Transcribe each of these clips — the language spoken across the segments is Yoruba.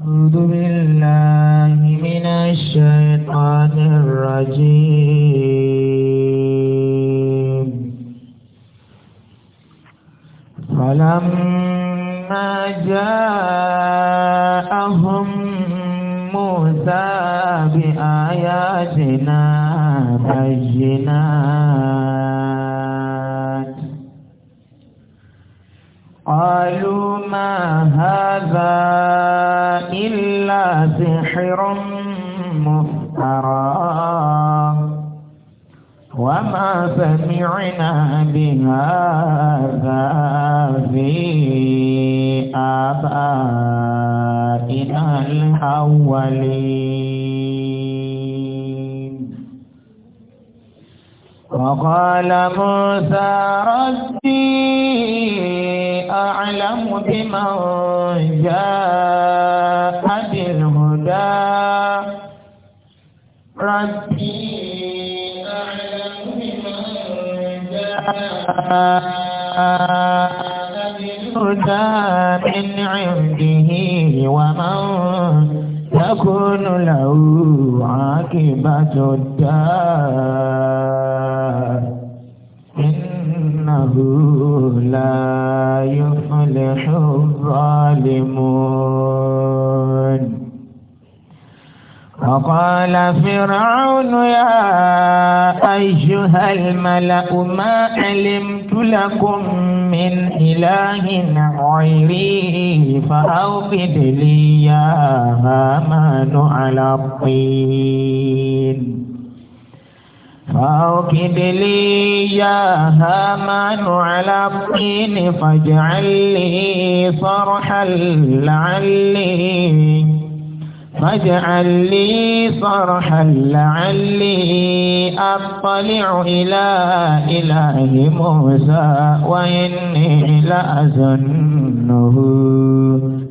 أعوذ بالله من الشيطان الرجيم فلما جاءهم موسى بآياتنا بينات قالوا ما هذا إلا سحر مفترى وما سمعنا بهذا في آبائنا الأولين وقال موسى ربي أعلم بمن جاء هدى ربي أعلم بمن جاء بالهدى من عنده ومن تكون له عاقبة الدار إنه لا يفلح الظالمون فقال فرعون يا أيها الملأ ما علمت لكم من إله غيري فأوقد لي يا هامان على الطين فأوقد لي يا هامان على الطين فاجعل لي صرحا لعلي فاجعل لي صرحا لعلي أطلع إلى إله موسى وإني لأظنه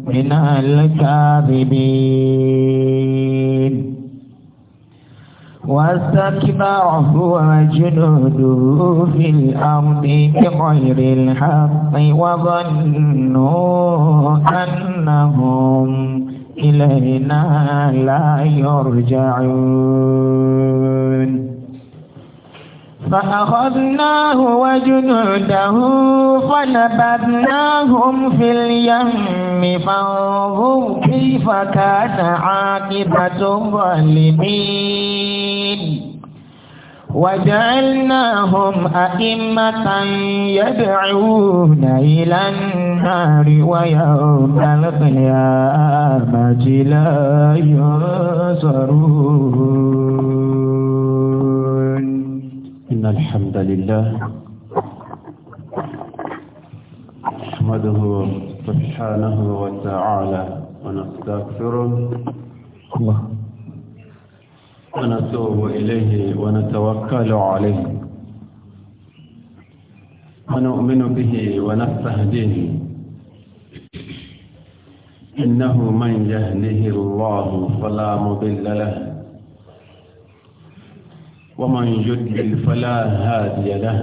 من الكاذبين واستكبر هو وجنوده في الأرض بغير الحق وظنوا أنهم إلينا لا يرجعون فأخذناه وجنوده فنبذناهم في اليم فانظر كيف كان عاقبة الظالمين وجعلناهم أئمة يدعون إلى النار ويوم القيامة لا ينصرون إن الحمد لله نحمده سبحانه وتعالى ونستغفره الله ونتوب إليه ونتوكل عليه ونؤمن به ونستهديه إنه من يهده الله فلا مضل له ومن يضلل فلا هادي له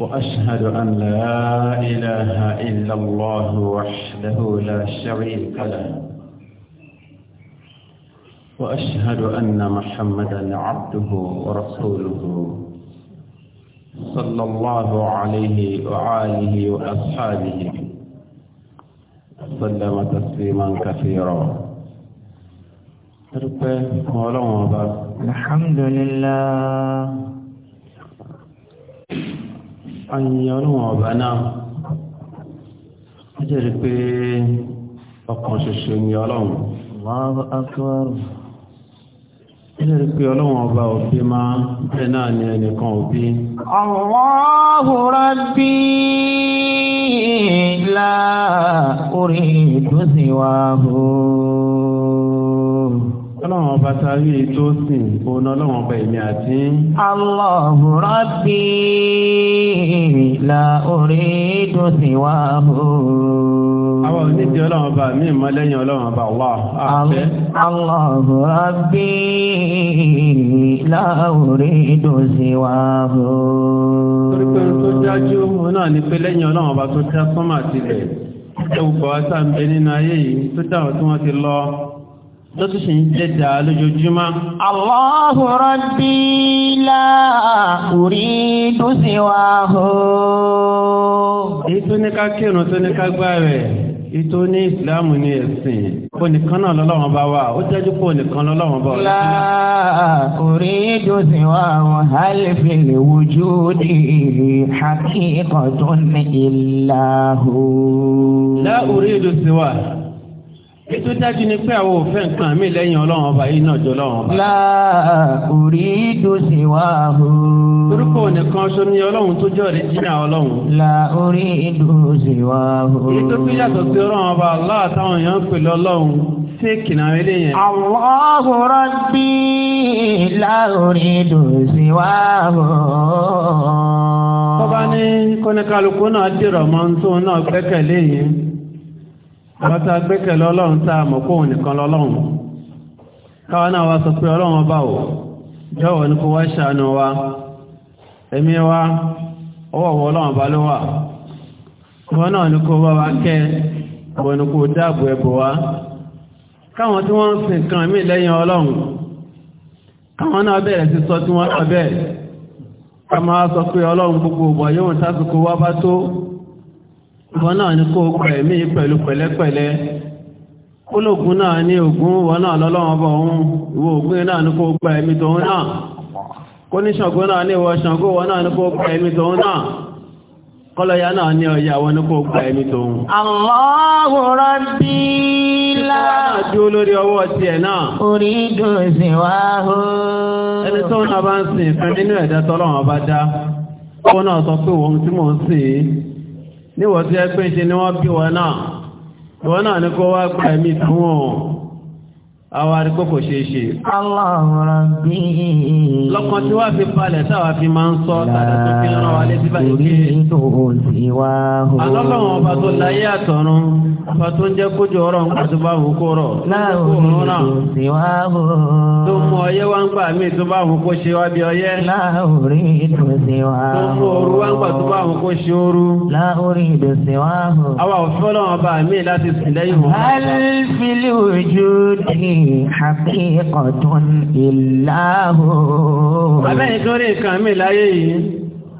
وأشهد أن لا إله إلا الله وحده لا شريك له وأشهد أن محمدا عبده ورسوله صلى الله عليه وآله وأصحابه صلّى تسليما كثيرا الحمد لله أن يروا بنا أجل في أقوى الشيء الله أكبر nítorí pé ọlọ́wọ́n ọba òbí máa bẹ́ẹ̀ náà ni ẹnìkan òbí. Allahu Rabbi la uridu siwahu ọlọ́run ọba sáré tó sìn òun ọlọ́run ọba èmi àti. Allahu Rabbi la uridu siwahu. àwọn onídìí ọlọ́run ọba mi mọ lẹ́yìn ọlọ́run ọba wà àfẹ́. Allahu Rabbi la uridu siwahu. torí pé tó dájú òun náà ni pé lẹ́yìn ọlọ́run ọba tó tẹ́ sọ́mà tilẹ̀ ẹ̀wù kọ́ wa sáà ń bẹ nínú ayé yìí tó dáhùn tí wọ́n ti lọ tó tún sì ń jẹ́dà lójoojúmọ́. Allahu Rabbi la uridu siwahu. Ètò ní ká kírun tó ní ká gbá rẹ̀, ètò ní ìsìláàmù ní ẹ̀sìn. Ó nìkan náà lọ́lọ́wọ́n bá wà, ó jẹ́jú pé ó nìkan lọ́lọ́wọ́n bá wà. La uridu siwahu hal fil wujudi haqiqatun illa La uridu siwahu ètò dájú ni pé àwọn òfin nǹkan mi lẹ́yìn ọlọ́run ọba yìí náà jọ ọlọ́run ọba. láàkùrí dòsè wá hù. orúkọ nìkan ṣo ni ọlọ́run tó jọ rẹ̀ jìnnà ọlọ́run. láàkùrí dòsè wá hù. ètò tó yàtọ̀ sí ọlọ́run ọba aláà táwọn èèyàn ń pè lọ́lọ́run sí kìnnà ilé yẹn. Allahu Rabbi láàkùrí dòsè wá hù. tọ́ba ní kọ́ni kálukú náà dìrọ̀ mọ́ tó náà gbẹ́kẹ̀lé yìí. àwọn tá a ọlọ́run tá a mọ̀ pé òun nìkan lọ́lọ́run káwọn náà wá sọ pé ọlọ́run ọba ò jọ̀wọ́ ní kó wá ṣàánú wa ẹ̀mí wa ọwọ́ ọlọ́run ọba ló wà wọn náà ní kó kẹ́ dáàbò ẹ̀bù wa káwọn tí wọ́n ń kan mí lẹ́yìn ọlọ́run káwọn náà bẹ̀rẹ̀ sí sọ tí wọ́n náà wọn náà ní kó pẹ̀mí pẹ̀lú pẹ̀lẹ́pẹ̀lẹ́ ológun náà ní ogun wọn náà lọ́lọ́wọ́n bọ̀ ohun ìwọ ogun náà ní kó pẹ̀mí tòun náà kó náà ní ìwọ ṣàngó wọn náà ní kó pẹ̀mí tòun náà kọlọ̀yà náà ní ọ̀yà wọn ní kó pẹ̀mí tòun. Allahu Rabbi la. Ìwádìí olórí ọwọ́ Ẹni tó náà bá ń sìn níwọ̀n tí ẹgbẹ́ ìṣe ni wọ́n bí wọn náà ìwọ́n náà ní kó wá gba ẹ̀mí tàwọn àwọn arígbókò ṣe ṣe. Aláwọ̀rọ̀bí. Lọ́kàn tí wá fi palẹ̀ táwa fi máa ń sọ tàbí tó fi rán wa létí báyìí ké. Àlọ́lọ́wọ̀n ọba tó láyé àtọ̀run, ọba tó ń jẹ́ kójú ọ̀rọ̀ ń pàtó bá wù kó rọ̀. Láàrùn tó mú ọyẹ́ wá ń gbà mí tó bá wù kó ṣe wá bí ọyẹ́. Láàrùn tó sì wá hù. Tó mú ooru wá ń gbà bá wù láti sìn lẹ́yìn haqiqatun illa hu. Bàbá yìí tó rí nǹkan mi láyé yìí,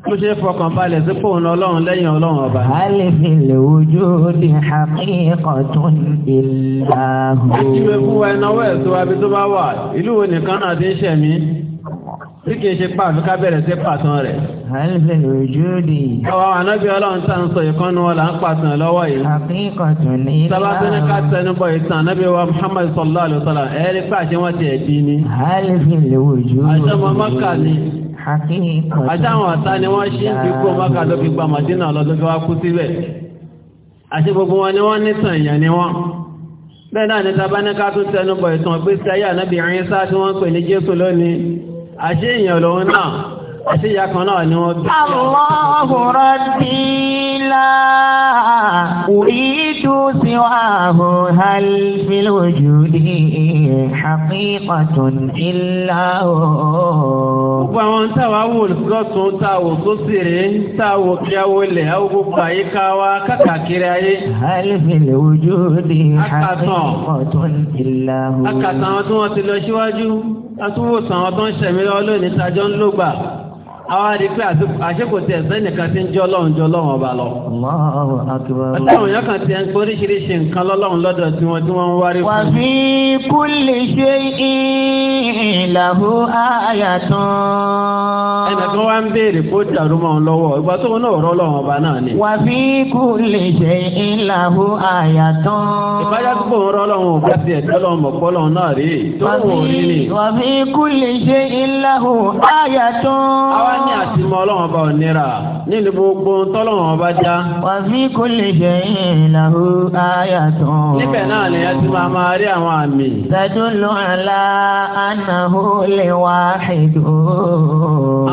tó ṣe fọkàn balẹ̀ sí pòun ọlọ́run lẹ́yìn ọlọ́run ọba. Hal fil wujudi haqiqatun illa hu. Ìwé fún wa tí kìí ṣe pàtó ká bẹ̀rẹ̀ sí pàtàn rẹ̀. àìsàn òjòdì. àwọn ànábì ọlọ́run tá ń sọ ìkànnì wọn là ń pàtàn lọ́wọ́ yìí. àkíkọ̀tù ní ìlà. sábàtúni ká tẹnubọ ìtàn ànábì wa muhammad sallallahu alayhi wa sallam ẹ̀ẹ́dì pàṣẹ wọn ti ẹ̀dí ni. àìsàn òjòdì. àṣà mọ̀mọ́ kà ní. àkíkọ̀tù. àṣà àwọn ọ̀tá ni wọ́n ṣí ń fi kó mọ́kà ló fi gba màdínà lọ ló fi wá kú síbẹ̀. àṣẹ gbogbo wọn ni wọ́n ní tàn èèyàn ni wọ́n bẹ́ẹ̀ náà ní tabaníkà tún tẹnubọ ìtàn gbèsè ayé ànábì Ìsá tí wọ́n ń pè ní jésù lónìí àṣé èèyàn lòun náà àṣé ìyá kan náà ni wọ́n bí. Allahu Rabbi la orí يمشوا سواه هل في الوجود حقيقة إلا هو gbogbo àwọn táwa wò lọ́tún táwò tó sì rí táwò kí a wò lẹ̀ ọ́ gbogbo àyíká wa kákàkiri ayé. hal fil wujudi haqiqatun illa hu. akàtàn àwọn tí wọ́n ti lọ síwájú àtúwòsàn àwọn tó ń ṣẹ̀mí lọ́wọ́ lónìí tajọ́ ń lògbà àwọn àdìpé àṣekò tí ti ń jẹ́ ọlọ́run jẹ́ ọlọ́run ọba lọ. ọlọ́run yóò kàn ti ń pé oríṣiríṣi nǹkan lọ́lọ́run lọ́dọ̀ tí wọ́n tí wọ́n ń wárí fún. wà fi kulli shay'in lahu ayatun. ẹnì kan wá ń béèrè kó dàrú mọ́ lọ́wọ́ ìgbà tó náà rọ́ ọlọ́run ọba náà ni. wà fi kulli shay'in lahu ìbájá tó kò ń rọ́ ọlọ́run ò bá tiẹ̀ tọ́lọ́ mọ̀pọ́lọ́ náà rèé tó wọ̀ ní àtìmọ́ ọlọ́run ọba òníra nínú gbogbo tọ́lọ́run ọba já. wà fi kulli shay'in lahu ayatun. níbẹ̀ náà ni ẹ ti máa máa rí àwọn àmì. tadullu ala annahu al-wahidu.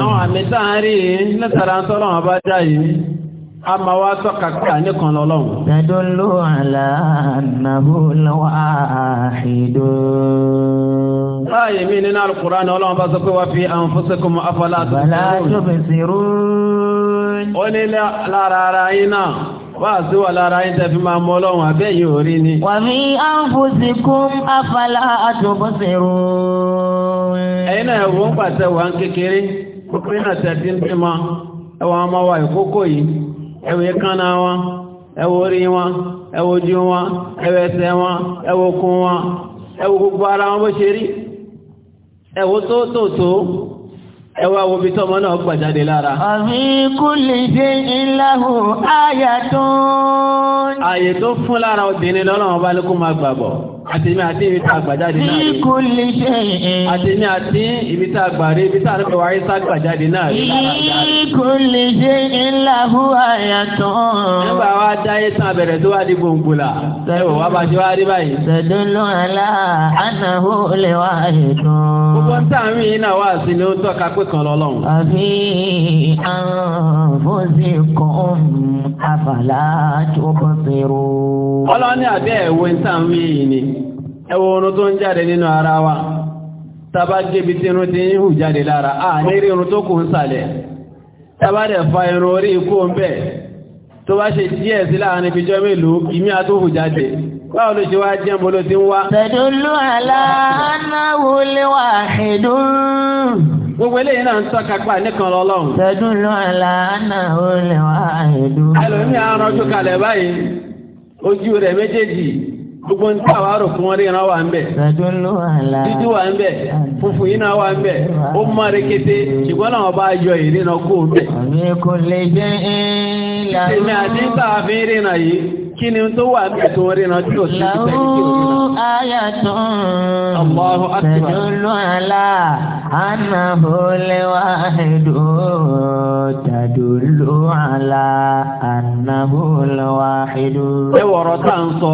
àwọn àmì tá a rí látara tọ́lọ́run ọba já yìí a máa wá tọ́ka pé àníkan lọ́lọ́run. tadullu ala annahu al-wahidu. láàyè mí nínú al ni ọlọ́run bá sọ pé wá fi anfusikum afala tubsirun. afala tubsirun. ó ní lára ara yín náà wá sí wà lára yín tẹ́ fi máa mọ ọlọ́run àbẹ́yìn orí ni. wa fi anfusikum afala tubsirun. ẹ̀yin náà ẹ̀wọ̀n pàṣẹ wà ń kékeré pínpín àti ẹ̀dínlẹ́mọ ẹ̀wọ̀n ọmọ wa ìkókó yìí ẹwọ ìkánná wọn ẹwọ orí wọn ẹwọ ojú wọn ẹwọ ẹsẹ̀ wọn ẹwọ okun wọn ẹwọ gbogbo ara wọn bó ṣe rí ẹwọ tóótótó ẹwọ awobi tọmọ náà gbàjáde lára. ọ̀fin kúlì ṣe ìlàhù ayàtún. ààyè tó fún lára obìnrin lọ́nà ọba ló kó máa gbàgbọ́ àtẹ̀mí àti ibi tá a gbà jáde náà rí. kò lè ṣe é. àtẹ̀mí àti ibi tá a gbà rí ibi tá a nípa wáyé sá gbà jáde náà rí. kò lè ṣe é ńláhù àyàtọ̀. nígbà wa dáyé tán abẹ̀rẹ̀ tó wá di gbòǹgbò la. ẹ̀wọ̀ wá bá ṣe wá rí báyìí. sẹ̀dúnlọ́ ẹ̀la ànáhó lè wá ètò. gbogbo ń tàn mí iná wá sí ni ó tọ́ka pé kan lọ́lọ́run. àfi àǹfóṣe kan àfàlà tó bọ́ sí ro. ọlọ́ni àbẹ́ ẹ̀wọ̀ ń ni. ẹwọ tó ń jáde nínú ara wa tàbá gébi tí irun ti ń hù jáde lára a ní rí irun tó kù ń sàlẹ̀ tàbá dẹ̀ fa irun orí ikú ń tó bá ṣe díẹ̀ sí láàrin ibijọ́ mélòó ìmí àtúhù jáde báwo ṣe wá jẹ́ mbolo ti ń wá. gbogbo náà ń nìkan lọ́lọ́run. kalẹ̀ báyìí ojú rẹ̀ méjèèjì gbogbo ní tí àwárò fún wọn rí iná wà ń bẹ̀ títí wà ń bẹ̀ funfun iná wà ń bẹ̀ ó má rekete ṣùgbọ́n náà bá yọ ìrìnà kó ń bẹ̀. kò lè jẹ́ ìlànà. ìsinmi àti sáàfin ìrìnà yìí kí ni tó wà ń bẹ̀ tó ń rìnà tí ò sí ìfẹ́ ìrìnà. ayà tó ń tẹ̀dúlù àlá àná olè wá ẹ̀dọ́ tẹ̀dúlù àlá àná olè wá ẹ̀dọ́. ẹ wọ̀rọ̀ tá à ń sọ.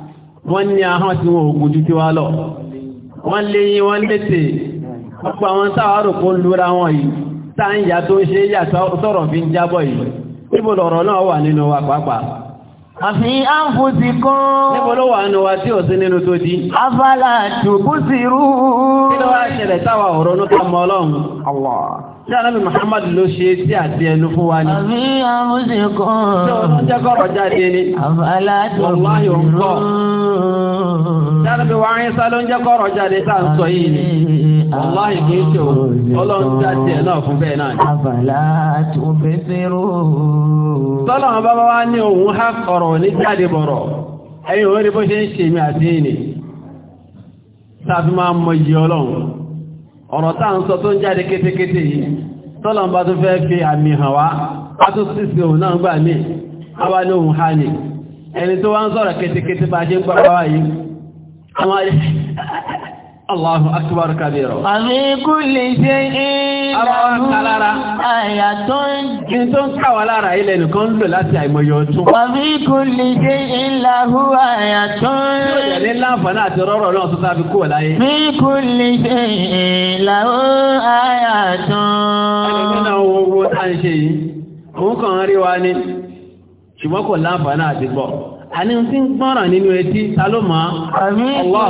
wọ́n ní ahọ́n tí wọ́n ògùn jù tí wá lọ wọ́n lé yí wọ́n létè ọ̀pọ̀ àwọn sáwárò kó lóra wọn yìí táyà tó ń ṣe yà sọ̀rọ̀ fi ń jábọ̀ yìí níbo lọ̀rọ̀ náà wà wa pàápàá wa tí ò sí tí anábì muhammad ló ṣe tí àti ẹnu fún wa ni. àbí àmúṣe kan. tí wọn jẹ́ kọ́rọ̀ jáde ni. àbálá tó ń bá yòó ń bọ̀. tí anábì wa ń sá ló ń jẹ́ kọ́rọ̀ jáde tá à ń sọ yìí ni. wàláhì kì í ṣe ọlọ́run jáde ẹ̀ náà fún bẹ́ẹ̀ náà ni. àbálá tó bẹ́ sẹ́rọ̀. tọ́lọ̀ wọn bá wá ní òun há kọ̀rọ̀ ní jáde bọ̀rọ̀ ẹ̀yin òun rí bó ṣe ń ṣe mi àti yìí ni. sábì ọ̀rọ̀ táà ń sọ tó ń jáde kétékété yìí tọ́lọ̀mbá tó fẹ́ fi àmì hàn wá látún náà gbà ní ha ní ẹni tó wá ń sọ̀rọ̀ kétékété bá ṣe ń Allahu akbar kabiro. Àmì kú lè ṣe é lára. Àyà tó ń jù. Kí tó ń káwà lára ilẹ̀ nìkan ń lò láti àìmọye ọdún. Àmì kú lè ṣe é láhú àyà tó ń. Yóò yẹ ní láǹfààní àti rọ́rọ̀ náà tó sábì kú láyé. Àmì kú ṣe é láhú àyà náà wo owó tá ń ṣe yìí. Òun kàn ń rí wa ní. Ṣùgbọ́n kò láǹfààní àti gbọ́ àní ń fi ń gbọ́ràn nínú etí ta ló mọ̀ ọ́. ọ̀wọ́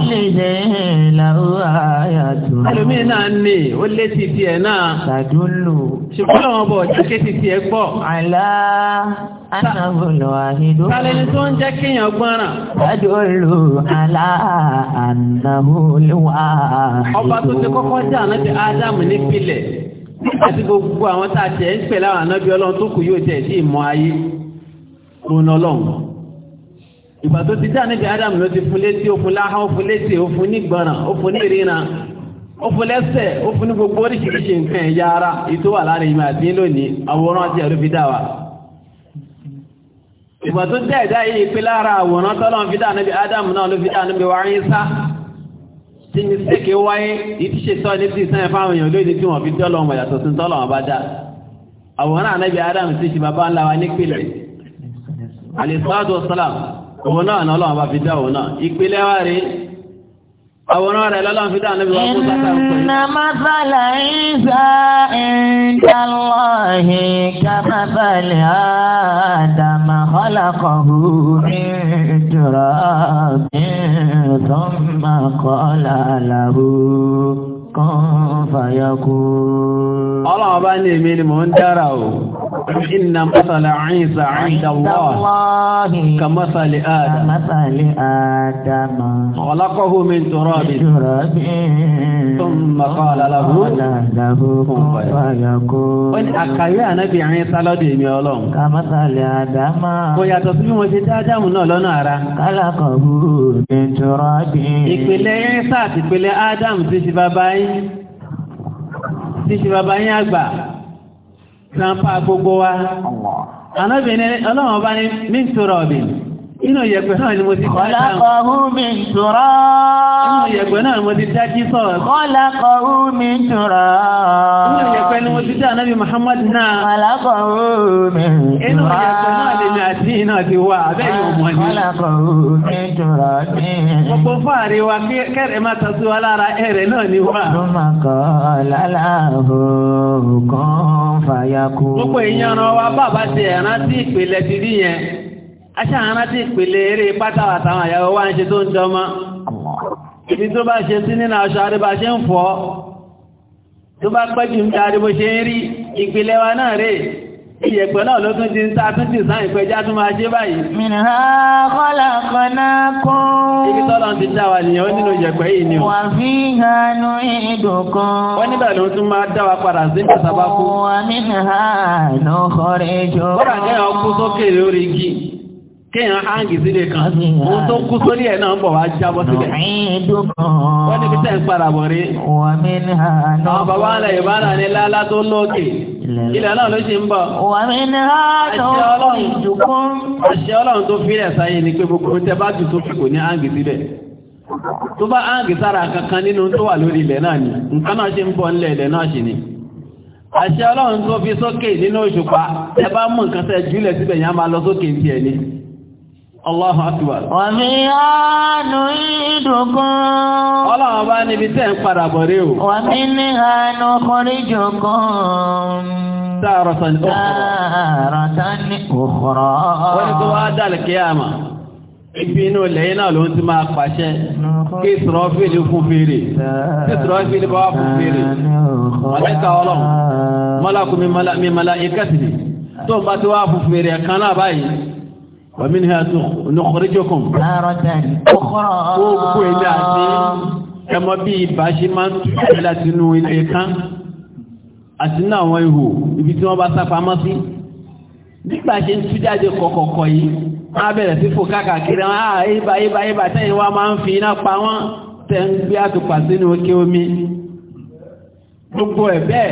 ẹlòmíín náà ní ó lé ti tiẹ̀ náà. ṣàdúlù. ṣùgbọ́n àwọn ọbọ̀ jákè ti tiẹ̀ gbọ́. àlá anabolo ahidu. kálẹ́ni tó ń jẹ́ kéèyàn gbọ́ràn. ṣàdúlù àlá anabolo ahidu. ọba tó ti kọ́kọ́ jẹ́ àná ti ádámù ní àti gbogbo àwọn tá a jẹ́ ń pè láwọn ànábì tó kù yóò jẹ́ ìdí ìmọ̀ ayé. Òun ọlọ́run ìgbà tó ti dá níbi adam ló ti fún létí ó fún láhá ó fún létí ó fún nígbọ̀nà ó fún nírìnà ó fún lẹ́sẹ̀ ó fún ní gbogbo oríṣiríṣi nǹkan ẹ̀yà ara ìtó wà láàrin ìmọ̀ àti lónìí àwòrán àti ẹ̀rọ fi dá wa ìgbà dá ẹ̀dá yìí pé lára àwòrán tọ́lọ́ fi dá níbi adam náà ló fi dá níbi wa ń sá tí mi sẹ́kẹ̀ wáyé ìtíṣe tọ́ ní ti sẹ́yìn fáwọn èèyàn lóde tí wọ́n fi tọ́lọ́ wọn bá adam ti ṣe bàbá ńlá wa nípìnlẹ̀ òun náà náà lọ́wọ́ bá fi dá òun náà ìpìlẹ̀ wá rí àwòrán rẹ̀ lọ́lọ́wọ́ fi dá níbi wọ́n fún sáta ọ̀pọ̀ iná kan fàyàkú. Ọlọ́run bá ní èmi ni mò ń dára o. Inna masala Isa inda Allah ka masali Adam. Masali Adam. Khalaqahu min turabin. Thumma qala lahu kun fàyàkú. Ó Adam. Kò yàtọ̀ bí min turabin. Ìpìlẹ̀ Isa àti ìpìlẹ̀ Ádámù ti ṣe bàbá yín àgbà grandpa gbogbo wa anábìnrin ọlọ́wọ́n bá ní mí ń tó inú yẹ̀pẹ̀ náà ni mo ti bá dáhùn. kọ́lákọ̀ọ́hù mi ń tura. inú yẹ̀pẹ̀ náà ni mo ti dájí sọ̀rọ̀. kọ́lákọ̀ọ́hù mi ń tura. inú yẹ̀pẹ̀ ni mo ti dá anábì Muhammad náà. kọ́lákọ̀ọ́hù mi ń tura. inú yẹ̀pẹ̀ náà lè ní àti iná ti wà abẹ́ yóò mọ̀ ní. kọ́lákọ̀ọ́hù mi ń tura ní. gbogbo fáàrí wa kẹ́rẹ̀ máa tọ́ sí wa lára ẹ̀rẹ̀ náà ni wà. gbogbo ìyànà wa bàbá ti ẹ̀rántí ìpìlẹ̀ ti rí yẹn aṣáàrán tí ìpele eré pátá àtàwọn àyàwó wá ń ṣe tó ń dọmọ́ ibi tó bá ṣe sí nínú aṣọ àríbá ṣe ń fọ́ tó bá pẹ́jù ń darí bó ṣe ń rí ìpele wa náà rèé ìyẹ̀pẹ̀ náà ló tún ti ń ta tún ti sáà ìpẹjá tún máa ṣe báyìí. mìíràn kéèyàn hangi sílé kan òun tó kú sórí ẹ̀ náà ń bọ̀ wá jábọ́ sílẹ̀. wọ́n níbi tẹ́ ń padà bọ̀ rí. àwọn bàbá ńlẹ̀ yorùbá náà ní lálá tó lókè ilẹ̀ náà ló ṣe ń bọ̀. ni pé gbogbo tẹ bá tó fi kò ní tó bá sára kankan nínú tó wà lórí ilẹ̀ náà ni nǹkan náà ṣe ń bọ̀ ilẹ̀ náà ṣì ni. àṣẹ ọlọ́run tó fi sókè nínú òṣùpá bá mú nǹkan tẹ jùlẹ̀ síbẹ̀ Allahu Akbar. Wa mi ha nu'idukum. Ọlọ́run bá níbi tẹ́ ń padà bọ̀ rí o. Wa mi ní ha nukhrijukum. Taratan ukhra. Taratan ukhra. Wọ́n ní kó wá dàlẹ̀ kíyàmà. Ibi inú lẹ́yìn náà ló ń ti máa pàṣẹ. Kí Israfil fún fèrè. Kí Israfil bá fún fèrè. Màláìka ọlọ́run. Mọ́lá kú mi mọ́lá ikẹ́sìlì. Tó ń bá ti wá fún fèrè kan náà báyìí. ومن ومنها نخرجكم تارة أخرى ẹmọ bí ibà ṣe máa ń túnṣe láti inú ilé kan àti inú àwọn ihò ibi tí wọ́n bá sá pamọ́ sí nígbà ṣe ń tú jáde kọ̀kọ̀kọ̀ yìí wọ́n á bẹ̀rẹ̀ sí fò káàkiri wọn á ah, ibà ibà ibà tẹ́yìn wá máa ń fi iná pa wọ́n tẹ́ ń gbé àtùpà sínú òkè omi gbogbo ẹ̀ bẹ́ẹ̀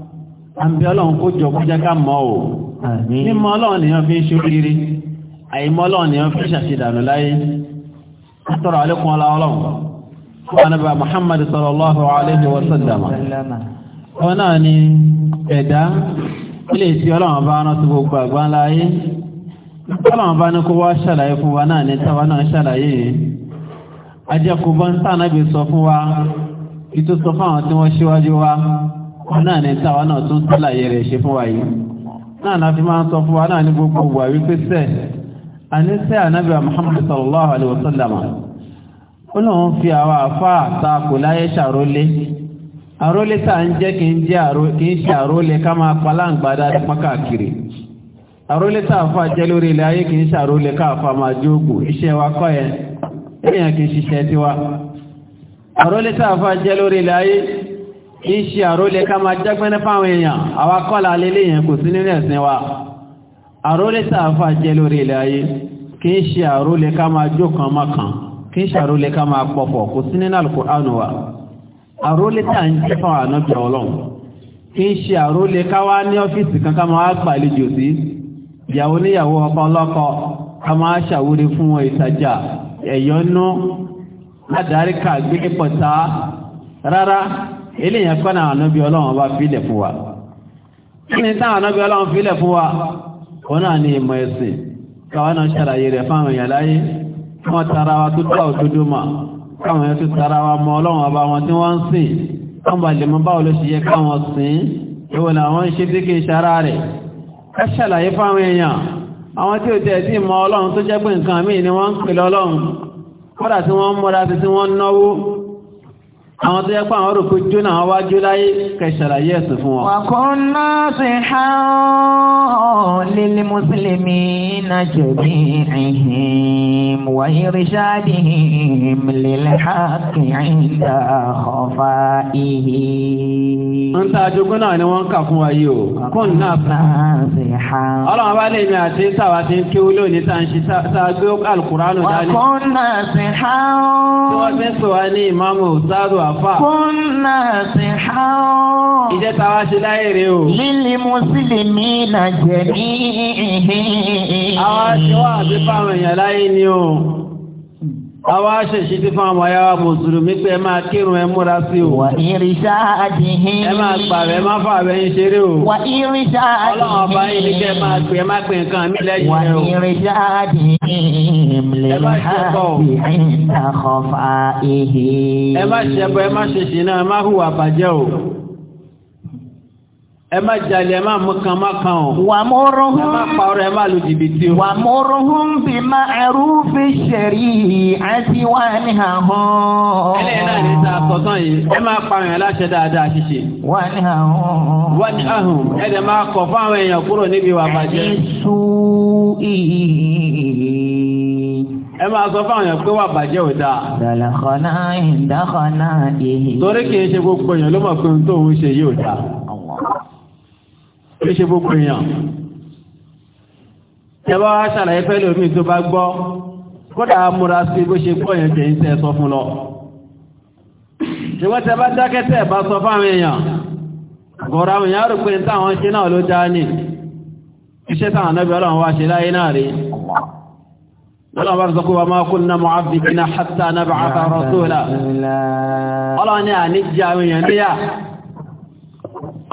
àbí ọlọ́run kó jọ kó jẹ́ ká mọ̀ ò mímọ̀ ọlọ́run nìyàn fi ń ṣe oríire àìmọ̀ ọlọ́run nìyàn fi ṣàṣìdànù láyé látọ̀rọ̀ àlékún ọlá ọlọ́run fún anábà Muhammad sallallahu alayhi wa sallam wọn náà ni ẹ̀dá ilé tí ọlọ́run bá rán sí gbogbo àgbá ńlá ayé ọlọ́run bá ní kó wá ṣàlàyé fún wa náà ní táwa náà ṣàlàyé yìí ajẹ́kùnbọ́n tánàbì sọ fún wa ìtòsọ fún àwọn tí wọ́n ṣíwájú wa náà ní táwa náà tún sálàyé rẹ̀ ṣe fún wa yìí náà la fi máa ń sọ fún wa náà ní gbogbo wa wípé sẹ́ àní sẹ́ ànábìà Muhammad sallallahu alayhi wa sallam ó lóun fi àwọn àfa àtakò láyé ṣàrólé àrólé tá à ń jẹ́ kí n jẹ́ kí n ṣe àrólé ká máa paláǹgbádá pọ́n káàkiri àrólé tá àfa jẹ́ lórí ilẹ̀ ayé kì í ṣàrólé káàfa máa jókòó iṣẹ́ wa kọ́ yẹn èèyàn kì í ṣiṣẹ́ tiwa àrólé tá àfa jẹ́ lórí ilẹ̀ ayé kì í ṣe àrólé ká máa jágbẹ́nẹ́ fáwọn èèyàn àwa kọ́lá lélé yẹn kò sí nínú ẹ̀sìn wa àrólé sàáfà jẹ́ lórí ilẹ̀ ayé kì í ṣe àrólé ká máa jó kan má kan kì ṣe àrólé ká máa pọ̀pọ̀ kò sí nínú Al-Qur'an wa àrólé tà ń jẹ́ fáwọn ànábì ọlọ́run kì í ṣe àrólé ká wá ní ọ́fíìsì kan ká máa gbàlejò sí ìyàwó níyàwó ọkọ ọlọ́kọ ká máa ṣàwúre fún eléyàn kọ́ náà ànábì ọlọ́run bá filẹ̀ fún wa kí ni táwọn ànábì ọlọ́run filẹ̀ fún wa kò náà ní ìmọ̀ ẹ̀sìn káwọn náà ṣàlàyé rẹ̀ fáwọn èèyàn láyé wọn tara wa tó tọ́ òdodo mà káwọn èèyàn tó tara wa mọ ọlọ́run ọba wọn tí wọ́n ń sìn wọn bá lè mọ báwo ló ṣe yẹ káwọn sìn ìwọ làwọn ṣe tí kì í ṣara rẹ̀ ká ṣàlàyé fáwọn èèyàn àwọn tí ò tẹ̀ sí mọ ọlọ́run tó jẹ́ pé nǹkan míì ni wọ́n ń pè lọ́lọ́run kódà tí wọ́n ń múra tí wọ́n náwó àwọn tó yẹ pé àwọn rògbò jó náà wá jó láyé kẹsàrà yẹ ẹsùn fún wọn. wàkùn náà sì há lílí mùsùlùmí náà jẹ̀bi ẹ̀hìn wàyí rìṣáàdì lílẹ̀ hákì ẹ̀dá ọ̀fà ìhì. ń ta àjogún náà ni wọ́n ń kà fún wa yìí o. wàkùn náà sì há. ọlọ́run bá lè mi àti sáwà ti ń kéwú lónìí tá à ń ṣe sáàgbé alukùránù dání. wàkùn náà sì há. tí wọ́n ti ń sọ wa ní ìmáàmù sáàrù àwọn àfà. kúnà sí ha ó. ìjẹ́ ta wá ṣe láyé rè o. lílì mùsùlùmí náà jẹ̀ ní àwa ṣe wá àbí fáwọn èèyàn láyé ni o. Àwa ṣèṣì ti fún ọmọ yàrá Mùsùlùmí pé ẹ máa kírun ẹ múra sí o. Wà ìrìnsà àdìhín. Ẹ máa gbàgbé ẹ máa fà bẹ́ẹ̀ ń ṣeré o. Wà ìrìnsà àdìhín. Ọlọ́run ọba yìí ni kẹ́ ẹ máa pè ẹ máa pè nǹkan mi lẹ́yìn rẹ o. Wà ìrìnsà àdìhín lè Ẹ má ṣẹbọ ẹ má ṣèṣì náà ẹ má hùwà bàjẹ́ o ẹ má jalè ẹ má mú kan má kan o. wà á mọ̀rọ̀ hún. ẹ má parọ́ ẹ má lu jìbìtì o. wà á mọ̀rọ̀ hún bí ma'ruf shari'ati wa anha. ẹlẹ́yìn náà ní ta sọ́tàn yìí ẹ má parọ́ ẹ láṣẹ dáadáa ṣíṣe. wa anha. wa anha ẹ dẹ̀ máa kọ̀ fún àwọn èèyàn kúrò níbi wà bàjẹ́. ẹ sùn ìhìn ẹ máa sọ fáwọn èèyàn pé wà bàjẹ́ ò dáa. dàlàkọ́nà ìdákọ́nà èyí. torí kì í ṣe gbogbo èèyàn ló mọ̀ pé ohun tó ń ṣe yìí ò dáa oríṣi gbogbo èèyàn tẹ́wọ́ aṣàlàyé fẹ́ lómi tó bá gbọ́ kódà múra sí bó ṣe gbọ́ yẹn tẹ̀yìn tẹ́ sọ fún lọ ṣùgbọ́n tẹ́ bá dákẹ́ tẹ́ bá sọ fáwọn èèyàn àgọ́ra àwọn èèyàn rò pé táwọn ṣe náà ló dá ní iṣẹ́ táwọn anábì ọlọ́run wá ṣe láyé náà rí lọ́nà bá sọ pé wà máa kún náà mọ́ àbìkínà hàtà náà bàtà rọ̀ tó ọlọ́run ní àníjà àwọn èèyàn níyà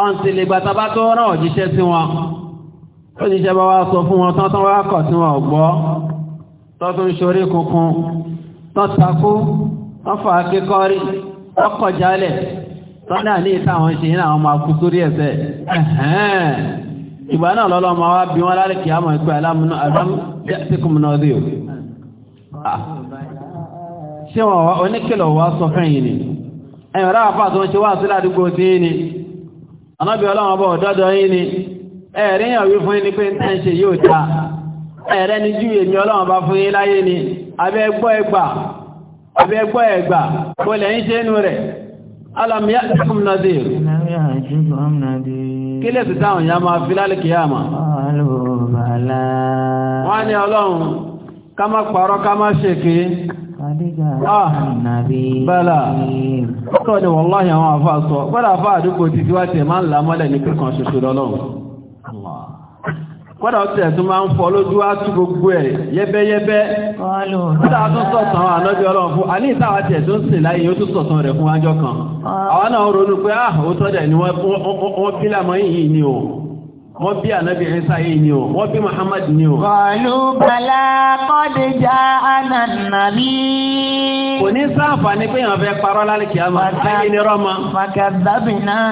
ọ̀nsì lè gbàtà bá tó rán òjíṣẹ́ sí wọn ó jíṣẹ́ bá wá sọ fún wọn tán tán wá kọ̀ sí wọn ọ̀gbọ́ tán tó ń ṣorí kunkun tán takú tán fà á kíkọ́rí tán kọ̀ jálẹ̀ tán náà ní ìta àwọn ṣe ní àwọn máa kú sórí ẹ̀sẹ̀ ìgbà náà lọ́lọ́ máa wá bí wọ́n lálẹ́ kí á mọ̀ ìpẹ́ alámúnú alámúnú ṣé wọn oníkìlọ̀ wá sọ ni anábì ọlọ́wọ́n bọ̀ dọ́dọ̀ yìí ni ẹ̀ríyàn wí fún ní pé tẹ́ ń ṣe yóò dá ẹ̀rẹ́ jú èmi ọlọ́wọ́n bá fún yín láyé ni abẹ́gbọ́ ẹgbà abẹ́gbọ́ ń ṣe inú rẹ̀ alamiyá Bala, ọ̀tọ̀ ni wọ́n láyé àwọn àfá sọ gbọ́dá àfá àdúgbò ti tí wá tẹ̀ máa ń là mọ́lẹ̀ ní kíkan ṣoṣo lọ́lọ́run gbọ́dá ọ̀tẹ̀ tó máa ń fọ́ lójú á gbogbo ẹ̀ yẹ́bẹ́yẹ́bẹ́ tó ah, o wọ́n bí ànábì Ìsá yìí ni o wọ́n bí Muhammad ni o. kọlu bala kọ́dé já ànànàbí. kò ní sáfà ní pé yàn fẹ́ parọ́ lálẹ́ kìá ma ayé ni rọ́mà. fàkàdàbì náà.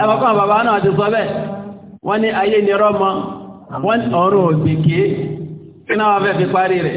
ẹ bá kọ́ bàbá náà ti sọ bẹ́ẹ̀ wọ́n ní ayé ni rọ́mà wọ́n ọ̀run ògbèké kí náà wọ́n fẹ́ fi parí rẹ̀.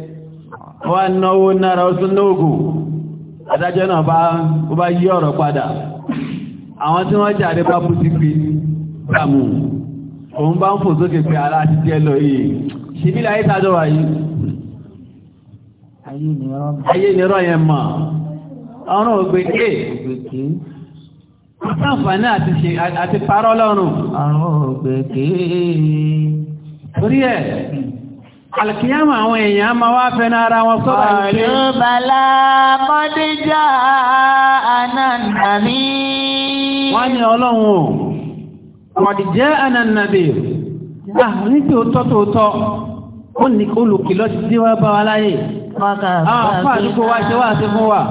wọ́n náwó nára ó tún lóògùn adájọ́ náà bá ó bá yí ọ̀rọ̀ padà àwọn tí wọ́n jáde bá bú ti pé dàmù òun bá ń fò sókè pé ara ti jẹ́ lọ yìí ṣìbí ayé nìrọ̀ yẹn torí ẹ̀ hmm. Àlùkìyàmà àwọn èèyàn máa wá fẹ́ náà ara wọn sọ́dọ̀ ìpé. Àlùbàlá Mọ́déjà Anànàmí. Wọ́n ní ọlọ́run o, Mọ̀dìjẹ́ Anànàmí. Ah, ní tí ó tọ́ tòótọ́, ó ní olùkìlọ́ ti dé wá bá wa láyé. Àwọn àfáà àdúgbò wá ṣe wá sí fún wa.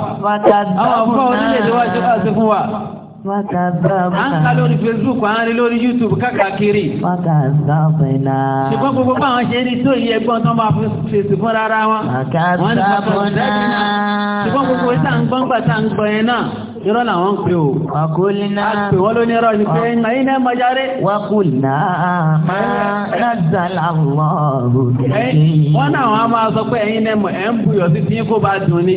Àwọn àfáà onílẹ̀-èdè wá ṣe wá sí fún wa à ń ka lórí Facebook à ń rí lórí YouTube kákàkiri. ṣùgbọ́n gbogbo báwọn ṣe rí tó yẹ gbọ́n tán máa fèsì fún rárá wọn. wọ́n ní pàtó ìdájú náà ṣùgbọ́n gbogbo ìta ń gbọ́n gbà tá ń gbọ́n yẹn náà irọ́ làwọn ń pè ó. wàkúlná àpè wọ́n ló ní irọ́ yìí pé ẹ̀yìn ẹ̀yìn náà mọ̀járe. wàkúlná máa nàzàlá wọ́ọ̀rù. wọ́n náà wọ́n á máa sọ pé ẹ̀yìn náà ẹ̀ ń buyọ̀ sí ti kó bá dùn ni.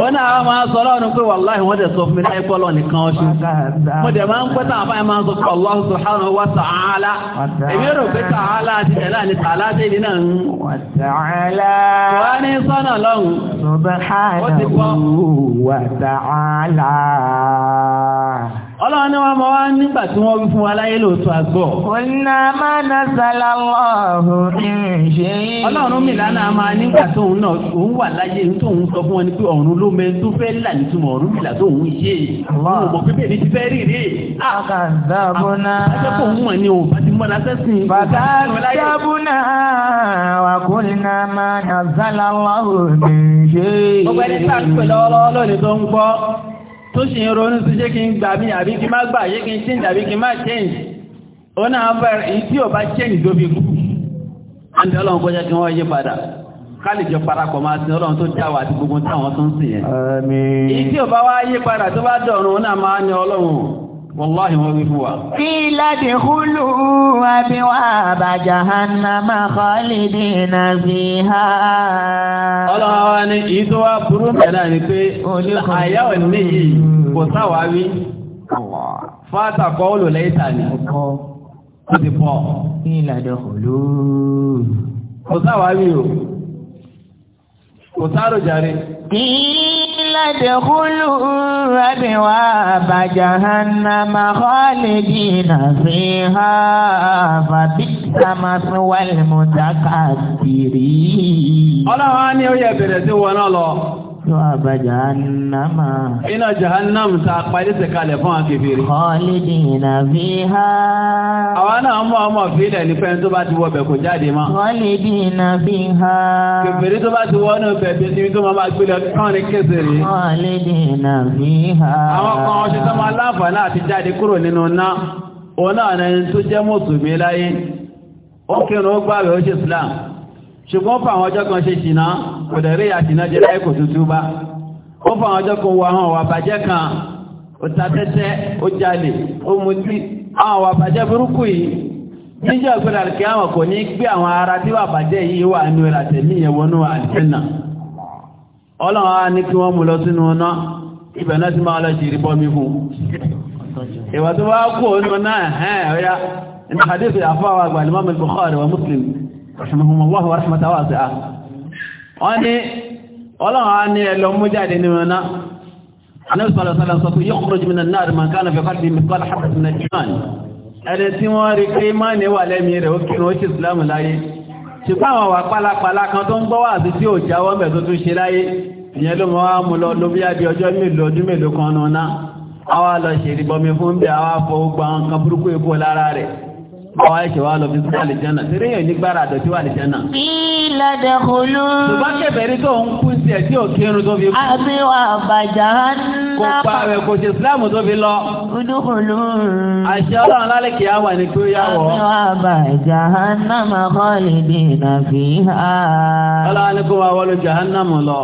wọ́n náà máa sọ lọ́rùn pé wàláhì wọ́n dẹ̀ sọ fún mi láì pọ́lọ̀ nìkan ọṣù mo dẹ̀ máa ń pẹ́ tàbí àmà sọ pé Allah subhanahu wa ta'ala èmi rò pé ta'ala ti tẹ̀lá ní ta'ala tẹ̀lé náà ń wá ní sọ́nà lọ́hùn subhanahu wa ta'ala ọlọ́run ni wọ́n mọ̀ wá nígbà tí wọ́n wí fún wa láyé lóòótọ́ àgbọ̀. ọ̀nà máa ná sàlámọ́ọ̀hún ṣe é. ọlọ́run mi lánàá máa nígbà tóun náà òun wà láyé tóun sọ fún wọn ni pé ọ̀run ló mẹ tó fẹ́ là nítumọ̀ ọ̀run mi là tóun yé e. àwọn ọmọ ti fẹ́ rí rí. tó ṣe ń ronú sí kí n gbà àbí kí má gbà kí change àbí kí má change ó náà fẹ́ èyí tí ò bá change tó fi kú àti ọlọ́run kọjá kí wọ́n yí padà ká lè máa sin ọlọ́run gbogbo táwọn tó ń sìn yẹn èyí tí ò bá wá yí padà tó bá dọ̀run náà máa ní ọlọ́run Wàláhì wọ́n wí fún wa. Kí láti húlù àbíwá àbàjá hannama kọ́lìdì na fi ha. Ọlọ́wọ́ wa ni èyí tó wá burú mẹ́ta ni pé àyà ò ní yìí kò sáwàá wí. Fáta kọ́ ó lò lẹ́yìn tàní. Ó ti pọ̀. Kí láti húlù. Kò sáwàá wí o. Kò sáàrò jàre. Kí يدخلوا أبواب جهنم خالدين فيها فبئس مثوى المتكبرين. ọlọ́run á ní ó àtúwàbà jahannama. iná jahannam ta palẹ́sẹ̀ kalẹ̀ fún akẹ́fẹ́rẹ́. khalidina fiha. àwa náà mọ̀ ọmọ fílẹ̀ ní pẹ́ẹ́n tó bá ti wọbẹ̀ kò jáde mọ́. khalidina fiha. kẹfẹ́rẹ́ tó bá ti wọ́nú bẹ̀bẹ̀ síbi tó máa máa gbélé kán ní kẹsìrì. khalidina fiha. àwọn kan ọṣẹ tó máa àti jáde kúrò nínú ná òun náà ní tó jẹ́ mùsùlùmí láyé ó kírun ó gbààwẹ̀ ó ṣe Islam ṣùgbọ́n fún àwọn ọjọ́ kan ṣe ṣìná kò dẹ̀ rí àṣìná jẹ́ láì kò tuntun bá ó fún àwọn ọjọ́ kan wọ àwọn ọ̀wà bàjẹ́ kan ó ta tẹ́tẹ́ ó jalè ó mutí àwọn ọ̀wà bàjẹ́ burúkú yìí níjọ́ ìpínlẹ̀ àti àwọn kò ní gbé àwọn ara tí wà bàjẹ́ yìí wà nú ẹ̀rà tẹ̀lé yẹn wọnú àlùfẹ́nà ọlọ́run á ní kí wọ́n mú lọ sínú ọ̀nà ibẹ̀ náà ti máa lọ sí ìrìbọ́ mi fún ìwà tó wá kú òun náà ẹ̀hẹ́n ọ̀yá ní hadith àfọwọ́ àgbà Imam Bukhari wa Muslim رحمهم الله ورحمة واسعة واني والله اني لو مجاهد هنا النبي صلى الله عليه وسلم يخرج من النار من كان في قلبه مثقال حبة من الإيمان ẹ̀rẹ̀ tí wọ́n rí pé máa ní wà lẹ́mí rẹ̀ ó kírun ó ṣe ìsìlámù láyé ṣùgbọ́n àwọn wà pálapàla kan tó ń gbọ́ wà sí tí ò jáwọ́ mẹ́ tó tún ṣe láyé ìyẹn ló mọ́ wá mú lọ ló bí adé ọjọ́ mélòó ọdún mélòó kan náà àwa lọ ṣèrìbọmi fún bí àwa fọ gbọ́n kan burúkú èkó lára rẹ̀ àwọn ẹ̀ṣẹ̀ wa lọ fi sí àlìjánà tí ríyàn nígbàrà àdọ̀tí wà àlìjánà. ilẹ̀ dẹ̀kùlù. ṣùgbọ́n kẹfẹ́rí tó ń kú sí ẹ̀ tí ò kírun tó fi kú. àbí wà bàjá ńlá. kò pa kò ṣe islam tó fi lọ. dúkùlù. àṣẹ ọlọ́run lálẹ́ kìí àwà ni kí ó yá wọ̀. àbí wà bàjá ńlá mà kọ́ lè dè nà fi hà. ọlọ́run ni kò wá wọlé jahannamu lọ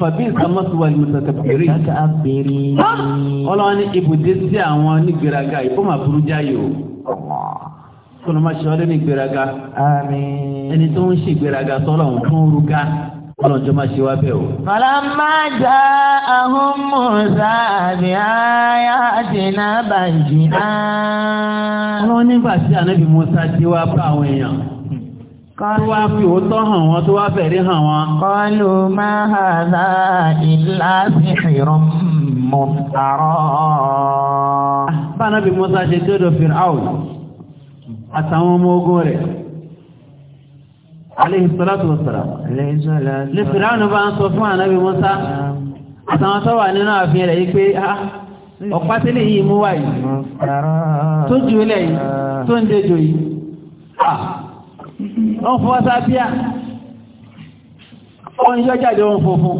fàbí ìsàmọ́síwá ìmùtàkàbìrì. kàkàbìrì. ọlọ́wọ́n ní ibùdó sí àwọn onígbèraga ìfọ́ máa burú jáyò. kọlọmọṣẹ́ ọdún ní gbèraga. àmín. ẹni tó ń ṣe gbèraga sọ́lọ̀ ń tún rúgá ọlọ́njọ́ máa ṣe wá bẹ́ẹ̀ o. Fàlámà já Mùsà àbí ayá àti náà náà. Ọlọ́run nígbà tí ànábì Mùsà ti wá bá àwọn èèyàn. Kọ́lù wá fi òótọ́ hàn wọn tó wá fẹ̀rí hàn wọn. Kọ́lù máa hà náà ìlà sí ìrọ̀ mọ̀ àrọ̀. Bánábì Musa ṣe tó dọ̀ Fir'aun àtàwọn ọmọ ogun rẹ̀. Aléhi Sọ́látù Wọ̀sọ̀rọ̀. Lé Fir'aun bá ń sọ tó wà nínú tó jù wọ́n fún wáṣá bíà wọ́n ń yọ́jáde ohun funfun